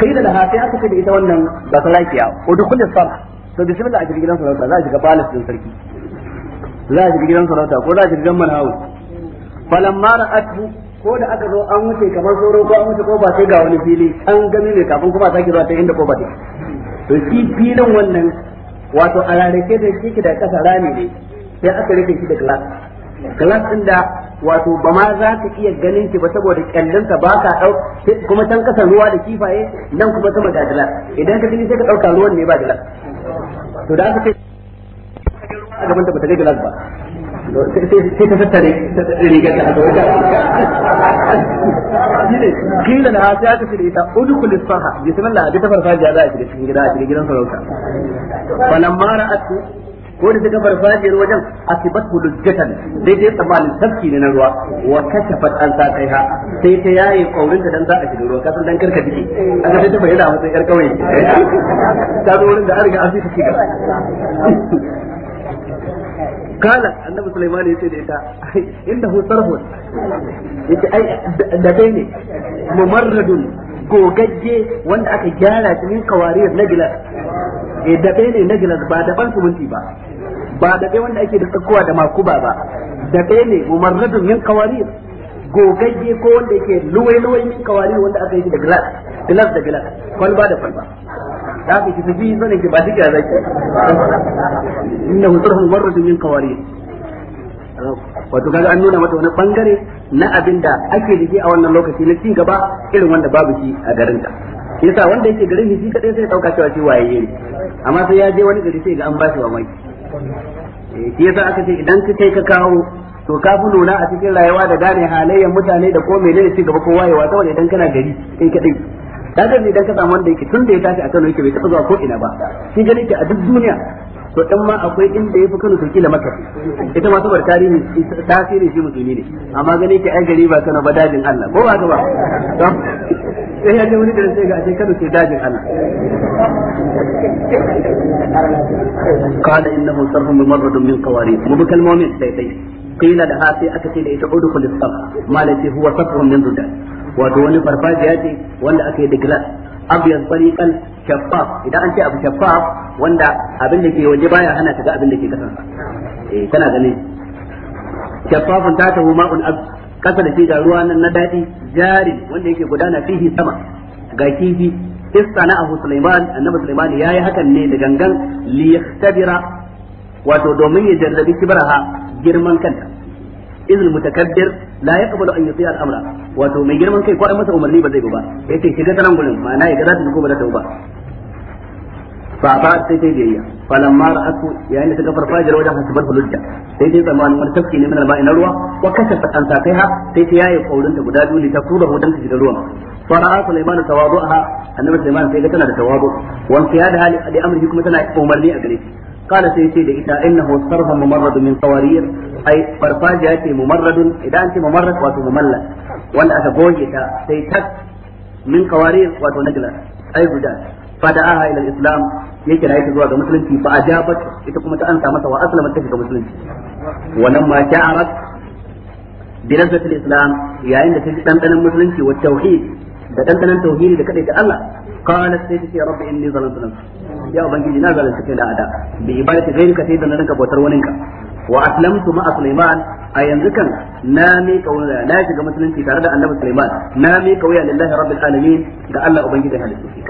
Speaker 1: kai da laha sai aka ce da ita wannan ba ta lafiya ko duk kullum sarh to bismillah a gidan sarauta za a shiga palace din sarki za a shiga gidan sarauta ko za a shiga gidan malhawu mara atu ko da aka zo an wuce kamar sauro ko an wuce ko ba sai ga wani fili an gani ne kafin kuma sake zuwa ta inda ko ba to shi filin wannan wato a rarrake da shi ke da kasa rami ne sai aka rike shi da glass kalas din da wato ba ma za ka iya ganin ki ba saboda kyallinsa ba ka dau kuma can kasa ruwa da kifaye nan kuma sama da dala idan ka gani sai ka dauka ruwan ne ba dala to da aka ce ruwa gaban ta ba ta ga dala ba sai ta tattare rigar da kila na ta ta ce ita udkhul as-saha bismillah da ta farfajiya za a shiga cikin gida a cikin gidan sarauta falamma ra'atu ko da suka farfajiyar wajen asibat hulujjatan dai dai tsammanin tafki ne na ruwa wa kashafat an sa kai ha sai ta yaye kaurin da dan za a shiga ruwa san dan karka dike an ga ta bayyana mutum kar kawai ta zo wurin da an riga an fi shiga kala annabi sulaiman yace da ita inda hu sarhun yace ai da dai ne mumarradun gogagge wanda aka gyara shi min kawariyar na gilas eh da ne na gilas ba daban sumunci ba ba da bai wanda ake da tsakuwa da makuba ba da bai ne mumarradun min kawari gogagge ko wanda yake luwai-luwai min kawari wanda aka yi da glass glass da glass kwalba da kwalba da aka kisa tafi zanen ki ba duk ya zaki inna husrahun warradun min kawari wato kaga an nuna mata wani bangare na abin da ake da a wannan lokaci na ci gaba irin wanda babu shi a garin ta yasa wanda yake garin shi kadai sai dauka cewa shi waye ne amma sai ya je wani gari sai ga an ba shi mamaki
Speaker 3: Eh,
Speaker 1: shi yasa aka ce idan ka kai ka kawo to ka fi nuna a cikin rayuwa da gane halayen mutane da ko menene ci gaba ko wayewa saboda idan kana gari kai kadai ta ne idan ka samu wanda yake tun da ya tashi a Kano yake bai taɓa zuwa ko ina ba shi gani ke a duk duniya to dan ma akwai inda yafi Kano to kila Makka ita ma saboda tarihi tasiri shi musulmi ne amma gani ke ai gari ba Kano ba dajin Allah ko ba ba sai ya je wani garin sai ga ashe Kano ke dajin
Speaker 3: Allah qala
Speaker 1: innahu sarfun mumarradun min qawarid mu bi kalmomin sai qila da aka ce da ita udkhul as-saf malati huwa min wato wani farfajiya ce wanda aka yi da glass abyad tariqan shaffaf idan an ce abu shaffaf wanda abin da ke waje baya hana ta abin da ke kasansa eh kana ganin shaffafun ta tahu ma'un kasa da shi ga ruwa nan na daɗi jari wanda yake gudana fihi sama ga kifi istana'ahu Suleiman annabi ya yi hakan ne da gangan li wato domin ya jarrabi kibraha girman kanta izul mutakabbir la yaqbalu an yuti al-amra wato mai girman kai ko masa umarni ba zai ba yake shiga tanan ma'ana ya ga za ta ko ba za ta ba fa ba sai ta biyayya falamma ra'atu yayin da ta gafar fajar wajen hasabar hulujja sai ta tsammanin wani tafki ne min alba'i na ruwa wa kasafat an ha sai ta yaye kaurinta guda biyu ne ta tura hudan ta shiga ruwan fa ra'a sulaiman tawadu'aha annabi sulaiman sai ga tana da tawadu wa da hali da amri kuma tana umarni a gare shi قال سيتي لإتا إنه صرف ممرد من قوارير أي فرفاجة ممرد إذا أنت ممرد وأنت مملة وأن أتبوجك سيتك من قوارير وأنت أي بجاج fada'aha ila al-islam ya kira ita zuwa ga musulunci fa ajabat ita kuma ta ansa masa wa aslamat ta ga musulunci wannan ma sha'arat islam yayin da ta ji dandanan musulunci wa tauhid da dandanan tauhidi da kadai da Allah qalat sai ta rabbi inni zalamtu nafsi ya ubangiji na zalunta kai da ada bi ibadati ghayrika sai da ranka bautar waninka wa aslamtu ma sulaiman a yanzu kan na mi kauya na shiga musulunci tare da annabi sulaiman na mi kauya lillahi rabbil alamin da Allah ubangiji halittu shi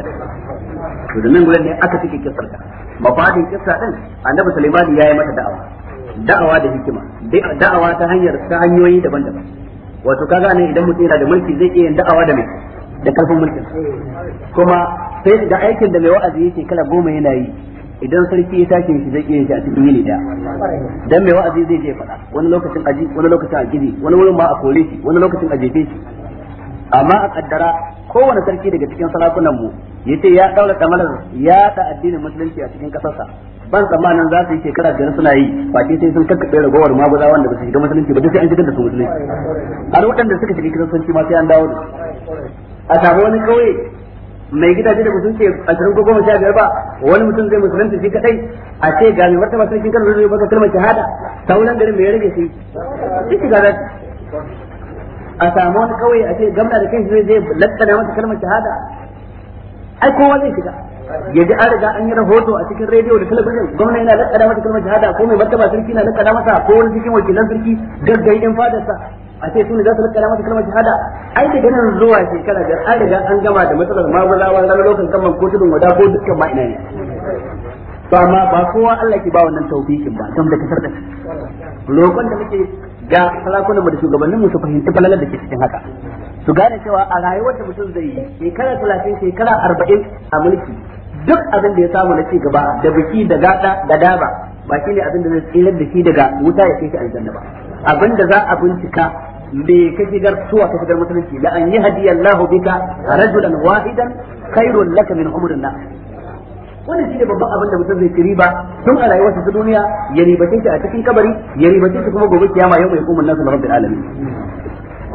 Speaker 1: to da nan gurin ne aka cike kissar ta mafadin kissa din annabi sulaiman ya yi mata da'awa da'awa da hikima da'awa ta hanyar ta hanyoyi daban-daban wato kaga ne idan mutum yana da mulki zai iya yin da'awa da mai da karfin mulkin kuma sai da aikin da mai wa'azi yake kala goma yana yi idan sarki ya tashi shi zai iya shi a cikin yini da dan mai wa'azi zai je faɗa wani lokacin aji wani lokacin a gidi wani wurin ma a kore shi wani lokacin a jefe shi amma a kaddara kowane sarki daga cikin sarakunan mu yace ya daura kamalar ya da addinin musulunci a cikin kasarsa ban tsammanin za su yi shekara biyar suna yi ba ce sai sun kakkaɓe ragowar maguza wanda ba su shiga musulunci ba duk sai an shigar da su musulunci har waɗanda suka shiga kiristanci ma sai an dawo da a samu wani kauye mai gidaje da musulunci cikin ko goma sha biyar ba wani mutum zai musulunci shi kadai a ce ga mai martaba sarkin kano zai baka kalmar shahada sauran garin mai rage shi shi shiga a samu wani kawai a ce gamna da kanshi zai lakkana masa kalmar shahada ai kowa zai shiga ya ji an riga an yi rahoto a cikin rediyo da talabijin gwamna yana lakkada masa kalmar shahada ko mai martaba sarki na lakkada masa ko wani cikin wakilan sarki gaggari din fadarsa a ce su ne za su lakkada masa kalmar shahada ai da ganin zuwa shekara biyar an riga an gama da matsalar maguzawa ranar lokacin kan ko tudun wada ko dukkan ma'ina ne Ba ma ba kowa Allah ke ba wannan taufikin ba don da kasar da da muke ga sarakunan mu da shugabannin mu su fahimci falalar da ke cikin haka su gane cewa a rayuwar da mutum zai yi shekara talatin shekara arba'in a mulki duk abin da ya samu na ci gaba da biki da gada da daba ba shine abin da zai tsirar da shi daga wuta ya kai shi aljanna ba abin da za a bincika me ka shigar suwa ka shigar musulunci la an yi hadiya Allah bika rajulan wahidan khairul laka min umrin nas wannan ne babban abin da mutum zai ci riba tun a rayuwarsa ta duniya ya ribace shi a cikin kabari ya ribace shi kuma gobe kiyama yau mai hukumar nasu rabbil alamin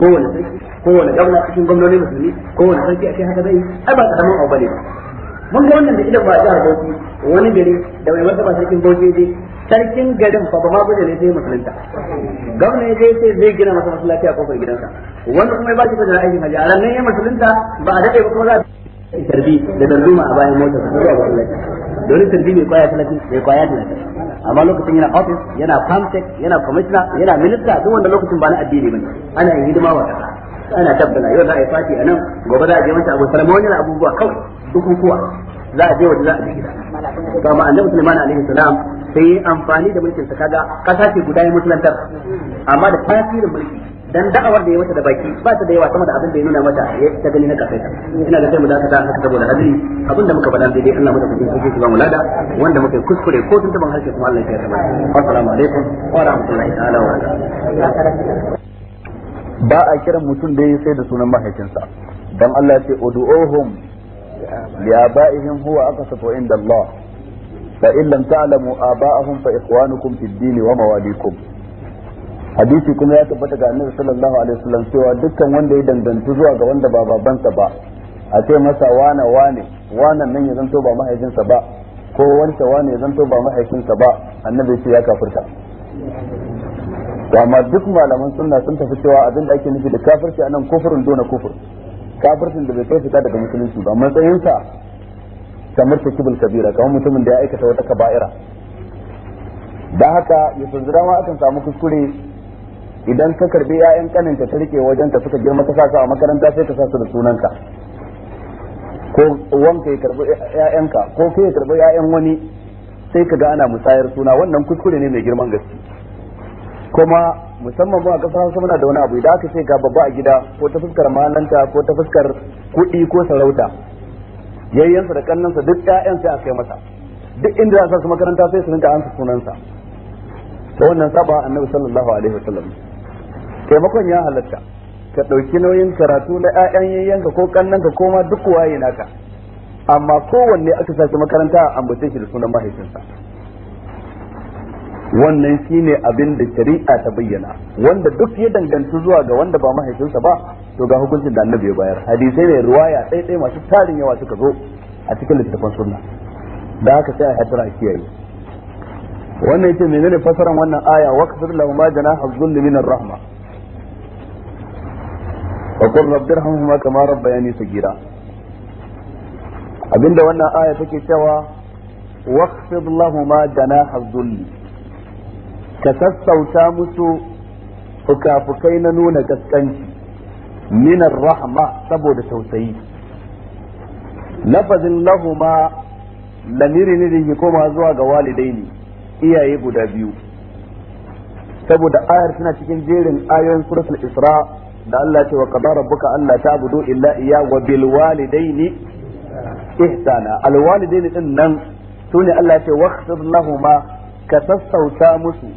Speaker 1: kowane sarki kowane gwamna cikin gwamnoni musulmi kowane sarki a kai haka zai ai ba karamin abu bane ba mun ga wannan da idan ba a jihar Bauchi wani gari da mai martaba sarkin Bauchi dai sarkin garin fa ba ma guje ne sai musulunta gwamna ya sai zai gina masa masallaci a kofar gidansa wani kuma ya ba shi kudin aikin hajji a ranar ya musulunta ba a daɗe ba kuma za a tarbi da darduma a bayan motar su zuwa wasu lafi dole tarbi mai kwaya talafi mai kwaya talafi amma lokacin yana office yana pamtech yana commissioner yana minista duk wanda lokacin ba na addini bane ana yin hidima wa kasa ana tabbala yau za a yi fati a nan gobe za a je mata abu salama wani abubuwa kawai bukukuwa za a je waje za a je gida to amma annabi Sulaiman alaihi salam sai amfani da mulkin sa kaga kasa ce guda ya musulantar amma da tasirin mulki dan da'awar da ya wata da baki ba ta da yawa sama da abin da ya nuna mata ya ta gani na kafaita ina da sai mu dakata haka saboda hadiri abin da muka faɗa daidai Allah mu kudin sai shi ba mu lada wanda muka kuskure ko tun taban harshe kuma Allah ya yarda assalamu alaikum wa rahmatullahi ta'ala wa ba a kiran mutum da sai da sunan mahaifinsa dan Allah ya ce ud'uhum liabaihim huwa aqsatu inda Allah fa in lam ta'lamu aba'ahum fa ikhwanukum fid din wa mawalikum hadisi kuma ya tabbata ga annabi sallallahu alaihi wasallam cewa dukkan wanda ya dangantu zuwa ga wanda ba babansa ba a ce masa wana wane wanan nan ya zanto ba mahaifinsa ba ko wanda wane ya zanto ba mahaifinsa ba annabi sai ya kafirta amma duk malaman sunna sun tafi cewa abin da ake nufi da kafirci anan kufurin dona kufur kafircin da bai kai fita daga musulunci ba matsayinsa kamar kibul kabira kamar mutumin da ya aikata wata kaba'ira da haka ya tunzura ma akan samu kuskure idan ka karbi ƴaƴan kanin ta rike wajen ka suka girma ka saka a makaranta sai ka sasa da sunanka ko wanka ya karbi ƴaƴanka ko kai ya karbi ƴaƴan wani sai ka ga ana musayar suna wannan kuskure ne mai girman gaske kuma musamman ba a kasar Hausa muna da wani abu idan aka ce ga babba a gida ko ta fuskar malanta ko ta fuskar kuɗi ko sarauta yayyansa da kannansa duk ƴaƴan sai a kai masa duk inda za su makaranta sai su rinka ansa sunansa ta wannan saba annabi sallallahu alaihi wasallam taimakon ya halatta ka ɗauki nauyin karatu na 'ya'yan yayyanka ko kannanka ko ma duk waye naka amma kowanne aka sashi makaranta a ambace shi da sunan mahaifinsa wannan shine abin da shari'a ta bayyana wanda duk ya danganci zuwa ga wanda ba mahaifinsa ba to ga hukuncin da annabi ya bayar hadisai ne ruwaya ɗaiɗai masu tarin yawa suka zo a cikin littattafan sunna da haka sai a hatara a kiyaye wannan yace menene fasaran wannan aya wa kasir lahum ma janaha dhulli min ar-rahma wa qur rabbirhamhuma kama rabbayani sagira abinda wannan aya take cewa waqfid lahum janaha dhulli ka sassauta musu fukafukai na nuna gaskanci min ar-rahma saboda tausayi lafazin lahuma lamiri ne da ke koma zuwa ga walidaini iyaye guda biyu saboda ayar tana cikin jerin ayoyin suratul isra da Allah ce wa qadara rabbuka alla ta'budu illa iya wa bil walidaini ihsana al walidaini din nan sune Allah ce waqfid lahumma ka sassauta musu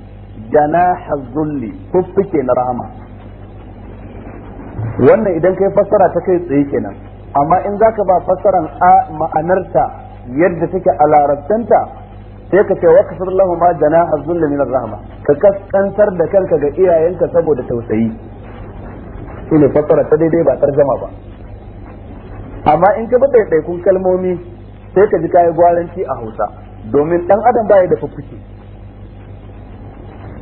Speaker 1: janaha zulli fuffike na rahama wannan idan kai fassara ta kai tsaye kenan amma in zaka ba fassaran ma'anarta yadda take a sai ka ce wa kasar lahu ma jana da minar rahama ka kaskantar da kanka ga iyayenka saboda tausayi ne fassara ta daidai ba tarjama ba amma in ka bi ɗaiɗaikun kalmomi sai ka ji kayi gwaranci a Hausa domin ɗan adam baya da fukuki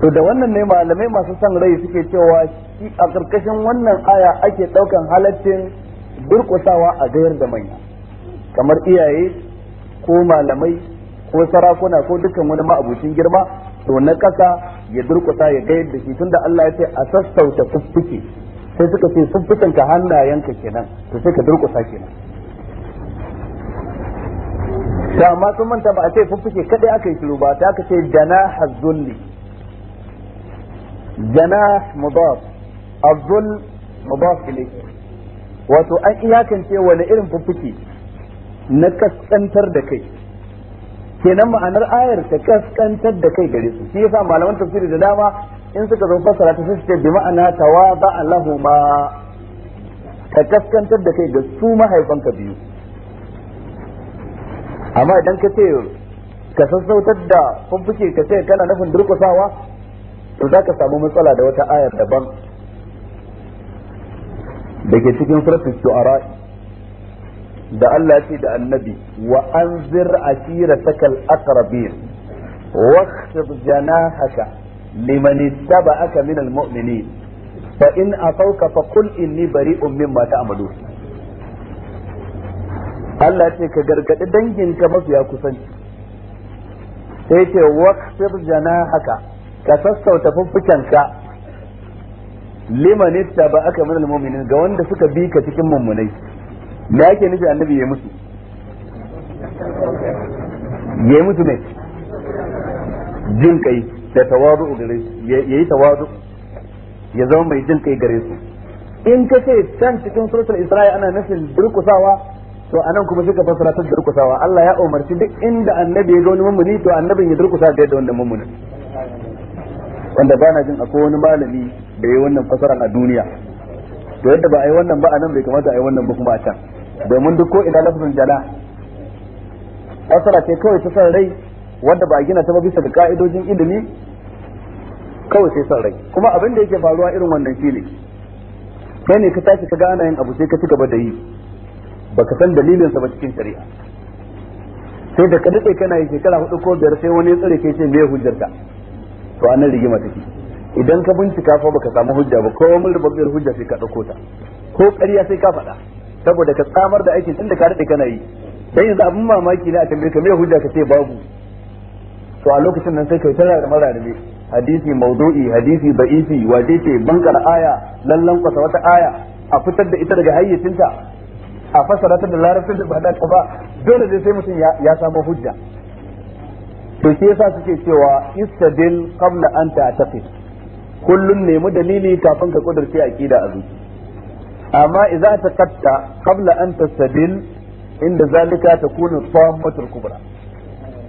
Speaker 1: to da wannan ne malamai masu son rai suke cewa shi a karkashin wannan aya ake ɗaukan halaccin durkusawa a gayar da manya kamar iyaye ko malamai ko sarakuna ko dukkan wani ma'abucin girma to na ƙasa ya durƙusa ya ga yadda shi tunda Allah ya ce a sassauta fuffuke sai suka ce fuffuken ka hannayenka kenan to sai ka durƙusa kenan da amma sun manta ba a ce fuffuke kadai aka yi shiru ba ta aka ce dana hazzulli jana mudaf azzul mudaf ilayhi wato an iyakance wani irin fuffuke na kaskantar da kai kenan ma'anar ayar ta kaskantar da kai gare su shi yasa malaman tafsiri da dama in suka zo fassara ta sai bi ma'ana tawaba lahu ka kaskantar da kai ga su mahaifanka biyu amma idan ka ce ka sassautar da fuffuke ka ce kana nufin durkusawa to za ka samu matsala da wata ayar daban da ke cikin suratul shu'ara da Allah ya ce da annabi wa anzir ashirataka al-aqrabin wa khfid janahaka liman ittaba'aka min al-mu'minin fa in atawka fa qul inni bari'un mimma ta'malun Allah ya ce ka gargadi danginka mafiya kusanci sai ce wa khfid janahaka ka sassauta fuffukanka liman ittaba'aka min al ga wanda suka bi ka cikin mummunai me yake nufi annabi ya musu ya musu ne jin kai da tawazu gare su yi tawazu ya zama mai jin kai gare su in ka ce can cikin suratul isra'i ana nufin durkusawa to anan kuma suka fasara ta durkusawa Allah ya umarci duk inda annabi ya ga wani mummuni to annabin ya durkusa da yadda wanda mummuni wanda ba na jin akwai wani malami da ya yi wannan fassara a duniya to yadda ba a yi wannan ba a nan bai kamata a yi wannan ba kuma a can domin duk ko ina lafzul jala asara ce kawai ta san rai wanda ba gina ta ba bisa ga ka'idojin ilimi kawai sai san rai kuma abin da yake faruwa irin wannan shine kai ne ka tashi ka ga ana yin abu sai ka ci gaba da yi baka san dalilinsa ba cikin shari'a sai da ka daɗe kana yi shekara hudu ko biyar sai wani ya tsare ke ce me ka to anan rigima take idan ka bincika fa baka samu hujja ba ko mun rubabbiyar hujja sai ka dauko ta ko ƙarya sai ka faɗa saboda ka tsamar da aikin tunda ka daɗe kana yi dan yanzu abin mamaki ne a tambaye ka me hujja ka ce babu to a lokacin nan sai kai tana da mararbe hadisi maudu'i hadisi da'ifi waje ce bankar aya lallan kwasa wata aya a fitar da ita daga hayyacinta a fasara ta da larabcin da ba da ba dole ne sai mutum ya samu hujja to shi yasa suke cewa istadil qabla an ta'tafi kullun nemi dalili kafin ka kudurce aqida a amma idza taqatta qabla an tastabil inda zalika takunu tammatul kubra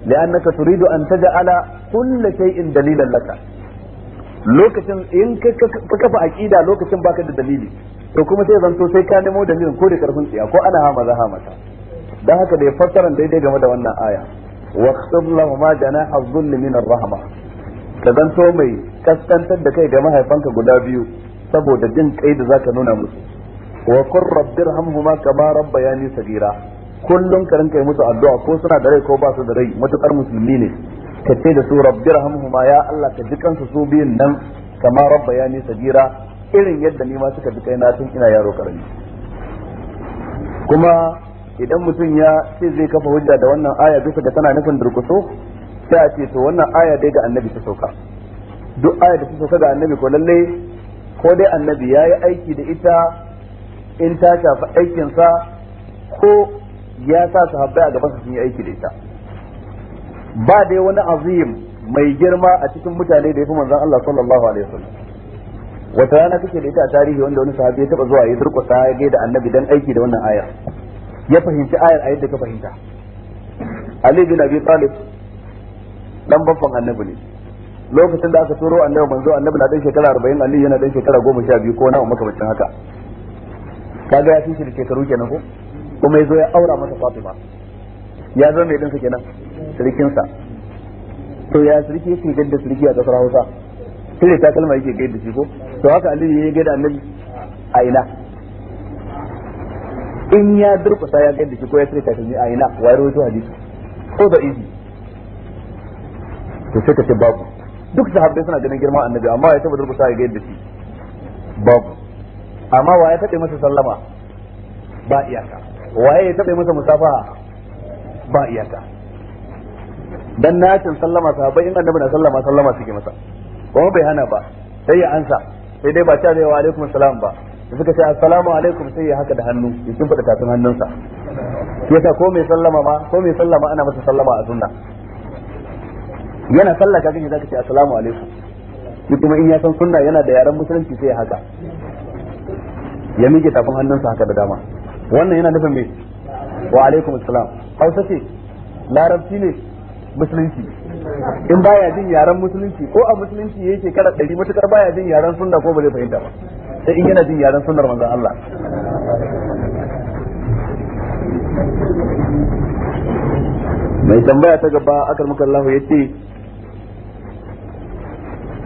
Speaker 1: لأنك تريد an تجعل كل شيء دليلا لك lokacin in ka kafa aqida lokacin baka da dalili to kuma sai zanto sai ka nemo dalilin ko da karfin tsiya ko ana hama za hama ta dan haka da ya fassara daidai game da wannan aya wa khsib lahu ma janaha dhulli min rahma ka zanto mai kaskantar da kai ga mahaifanka guda biyu saboda jin kai da zaka nuna musu wa qur rabbirhamhuma kama rabbayani sagira kullum ka rinka musu addu'a ko suna da rai ko ba su da rai matukar musulmi ne ka ce da su rabbirhamhuma ya Allah ka ji su su biyun nan kama rabbayani sagira irin yadda ni ma suka kai kaina tun ina yaro karami kuma idan mutum ya ce zai kafa hujja da wannan aya bisa ga tana nufin durkuso sai a ce to wannan aya dai ga annabi ta sauka duk aya da ta sauka ga annabi ko lalle ko dai annabi ya yi aiki da ita in ta shafi aikinsa ko ya sa su habbai a gabansa sun yi aiki da ita ba dai wani azim mai girma a cikin mutane da ya fi manzan Allah sallallahu alaihi wasallam wata rana kake da ita a tarihi wanda wani sahabi ya taba zuwa ya durƙusa ya gaida annabi dan aiki da wannan ayar ya fahimci ayar a yadda ka fahimta Ali bin Abi Talib dan babban annabi ne lokacin da aka turo annabi manzo annabi na dan shekara 40 Ali yana dan shekara 12 ko na makamancin haka kaga ya fi shi da shekaru kenan ko kuma ya zo ya aura masa Fatima ya zo mai dinsa kenan sirikinsa to ya sirki yake gaida sirki a kasar Hausa sai ta kalma yake gaida shi ko to haka Aliyu ya gaida Annabi a ina in ya durkusa ya gaida shi ko ya sirka kalmi a ina wai rawaito hadisi ko da izi to sai ka ce babu duk sahabbai suna ganin girma Annabi amma ya taba durkusa ya gaida shi babu amma waye taɓe masa sallama ba iyaka waye ya taɓe masa musafa ba iyaka dan yakin sallama sahabbai in annabi na sallama sallama suke masa kuma bai hana ba sai ya ansa sai dai ba ta da wa alaikum salam ba da suka ce assalamu alaikum sai ya haka da hannu ya kin fada tafin hannunsa yasa ko mai sallama ma ko mai sallama ana masa sallama a sunna yana sallah za zaka ce assalamu alaikum shi kuma in ya san sunna yana da yaran musulunci sai ya haka ya miƙe tafin hannunsa haka da dama wannan yana nufin mai wa alaikum assalam hausa ce larabci ne musulunci in baya jin yaren musulunci ko a musulunci yake kada ɗari matukar baya jin yaren sunna ko ba zai fahimta ba sai in yana jin yaren sunnar manzon Allah mai tambaya ta gaba akal mukallahu shi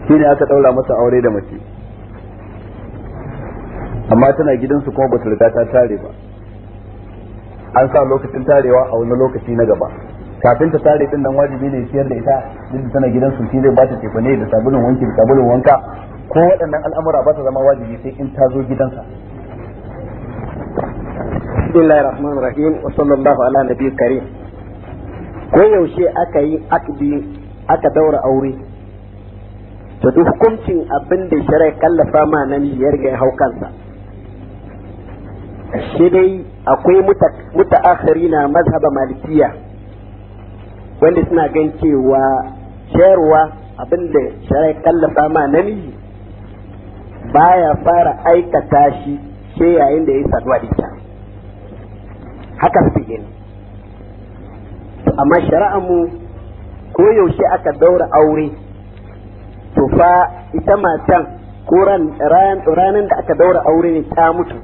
Speaker 1: shine aka daura masa aure da mace amma tana gidansu kuma ba su riga ta tare ba an sa lokacin tarewa a wani lokaci na gaba kafin ta tare din nan wajibi ne siyar da ita duk tana gidansu shi zai ba ta tefa ne da sabulun wanki da sabulun wanka ko waɗannan al'amura ba ta zama wajibi sai in ta zo gidansa bismillahir rahmanir rahim wa sallallahu ala nabiyyi karim ko yaushe aka yi akdi aka daura aure to duk hukuncin abin da shari'a kallafa ma nan yarga ya hau kansa sai dai akwai mutaakhiri na mazhaba malikiya wanda suna gan cewa shayarwa abinda shari'a kallafa ma namiji baya fara aikata shi sai yayin da ya yi saduwa da ita haka su to amma shari'a mu ko yaushe aka daura aure to fa ita matan ko ranar da aka daura aure ne ta mutu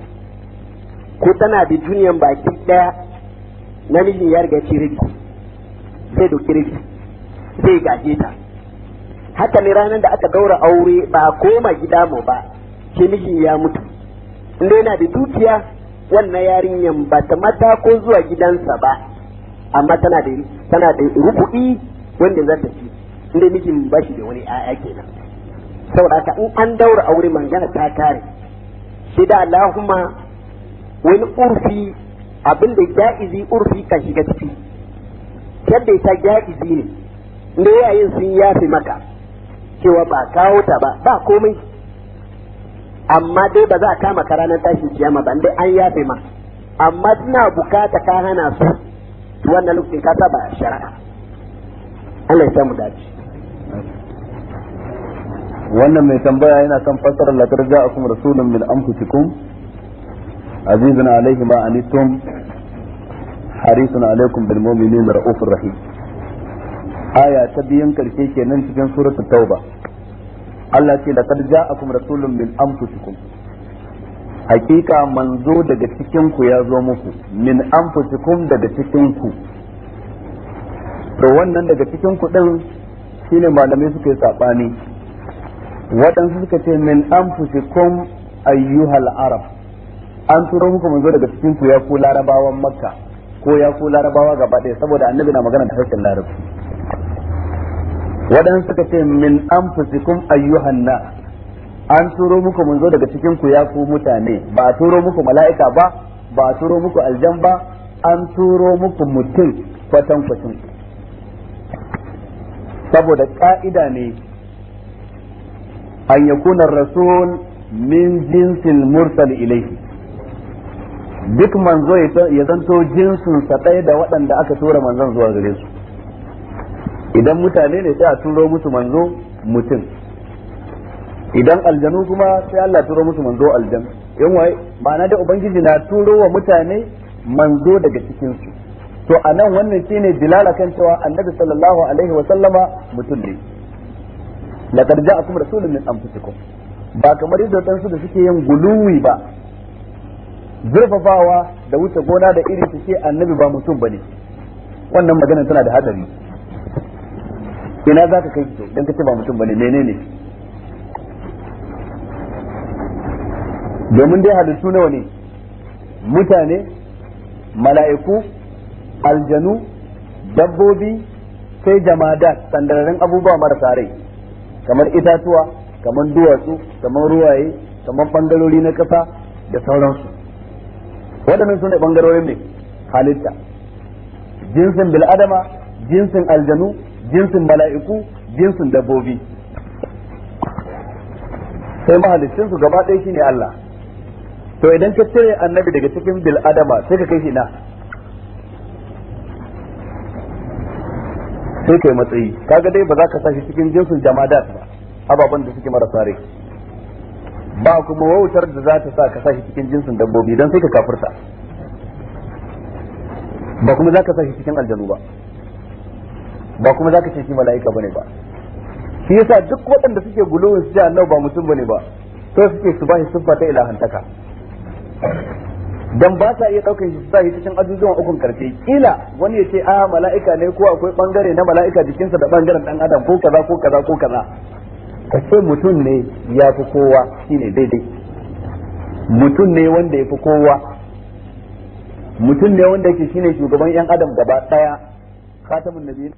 Speaker 1: ko tana da duniyan baki daya namijin ya riga ci sai doki rigi sai gaje ta haka ne ranar da aka gaura aure ba koma gida mu ba ke mijin ya mutu inda yana da dukiya wannan yarinyan ba ta mata ko zuwa gidansa ba amma tana da tana da rubu'i wanda za ta ci inda mijin ba shi da wani ƴaƴa kenan saboda haka in an daura aure mangana ta kare shi da Allahumma wani urfi abin da ja'izi urfi kan shiga ciki yadda ita ja'izi ne ne yayin sun yafe maka cewa ba kawo ta ba ba komai amma dai ba za a kama ka ranar tashin kiyama ba dai an yafe ma amma suna bukata ka hana su wannan lokacin ka saba shari'a Allah ya samu dace wannan mai tambaya yana kan fassarar latar ja'akum rasulun min anfusikum عزيز عليه ما anittum حريص alaikum بالمؤمنين رؤوف رحيم rahim aya ta biyan karshe kenan cikin suratul tauba Allah ce laqad ja'akum rasulun min anfusikum hakika manzo daga cikin ku ya zo muku min anfusikum daga cikin ku to wannan daga cikin ku shine malamai suke saɓani. waɗansu suka ce min kum ayyuhal arab an turo muku zo daga cikin ku ya ku larabawan makka ko ya ku larabawa gaba ɗaya saboda annabi na magana da harshen larabci waɗansu suka ce min anfusikum ayyuhan na an turo muku zo daga cikin ku ya ku mutane ba a turo muku mala'ika ba ba a turo muku aljan ba an turo muku mutum kwatan kwatan saboda ka'ida ne an yakuna rasul min jinsil mursal ilaihi duk manzo ya zanto jinsin sa ɗaya da waɗanda aka tura manzon zuwa gare su idan mutane ne sai a turo musu manzo mutum idan aljanu kuma sai Allah turo musu manzo aljan Yan waye ma'ana da ubangiji na turo wa mutane manzo daga cikin su to anan wannan shine dilala kan cewa annabi sallallahu alaihi wa sallama mutum ne laqad ja'akum rasulun min anfusikum ba kamar yadda su da suke yin guluwi ba zurfafawa da wuce gona da iri su ce annabi ba mutum bane wannan magana tana da hadari ina za ka kai to don ka ce ba mutum bane menene domin dai halittu nawa ne mutane mala'iku aljanu dabbobi sai jamada sandararren abubuwa marasa rai kamar itatuwa kamar duwatsu kamar ruwaye kamar bangarori na ƙasa da sauransu waɗannan sune bangarorin ne halitta jinsin bil'adama jinsin aljanu jinsin mala'iku jinsin dabbobi sai mahalicin su gaba ɗaya shine Allah to idan ka cire annabi daga cikin bil'adama sai ka kai shi na sai kai matsayi kaga dai ba za ka sashi cikin jinsin jamadat ba ababen da suke marasa rai ba kuma wautar da za ta sa ka sashi cikin jinsin dabbobi don sai ka kafirta ba kuma za ka sashi cikin aljanu ba ba kuma za ka ce shi mala'ika bane ba shi yasa duk waɗanda suke gulowin su ce ba mutum bane ba sai suke su bashi siffa ta ilahantaka dan ba sa iya daukar shi su sashi cikin ajujuwan ukun karfe kila wani ya ce a ah, mala'ika ne ko akwai bangare na mala'ika jikinsa da bangaren dan adam ko kaza ko kaza ko kaza ka ce mutum ne ya fi kowa shine daidai mutum ne wanda ya fi kowa mutum ne wanda yake shine shugaban yan adam gaba daya khatamun nabi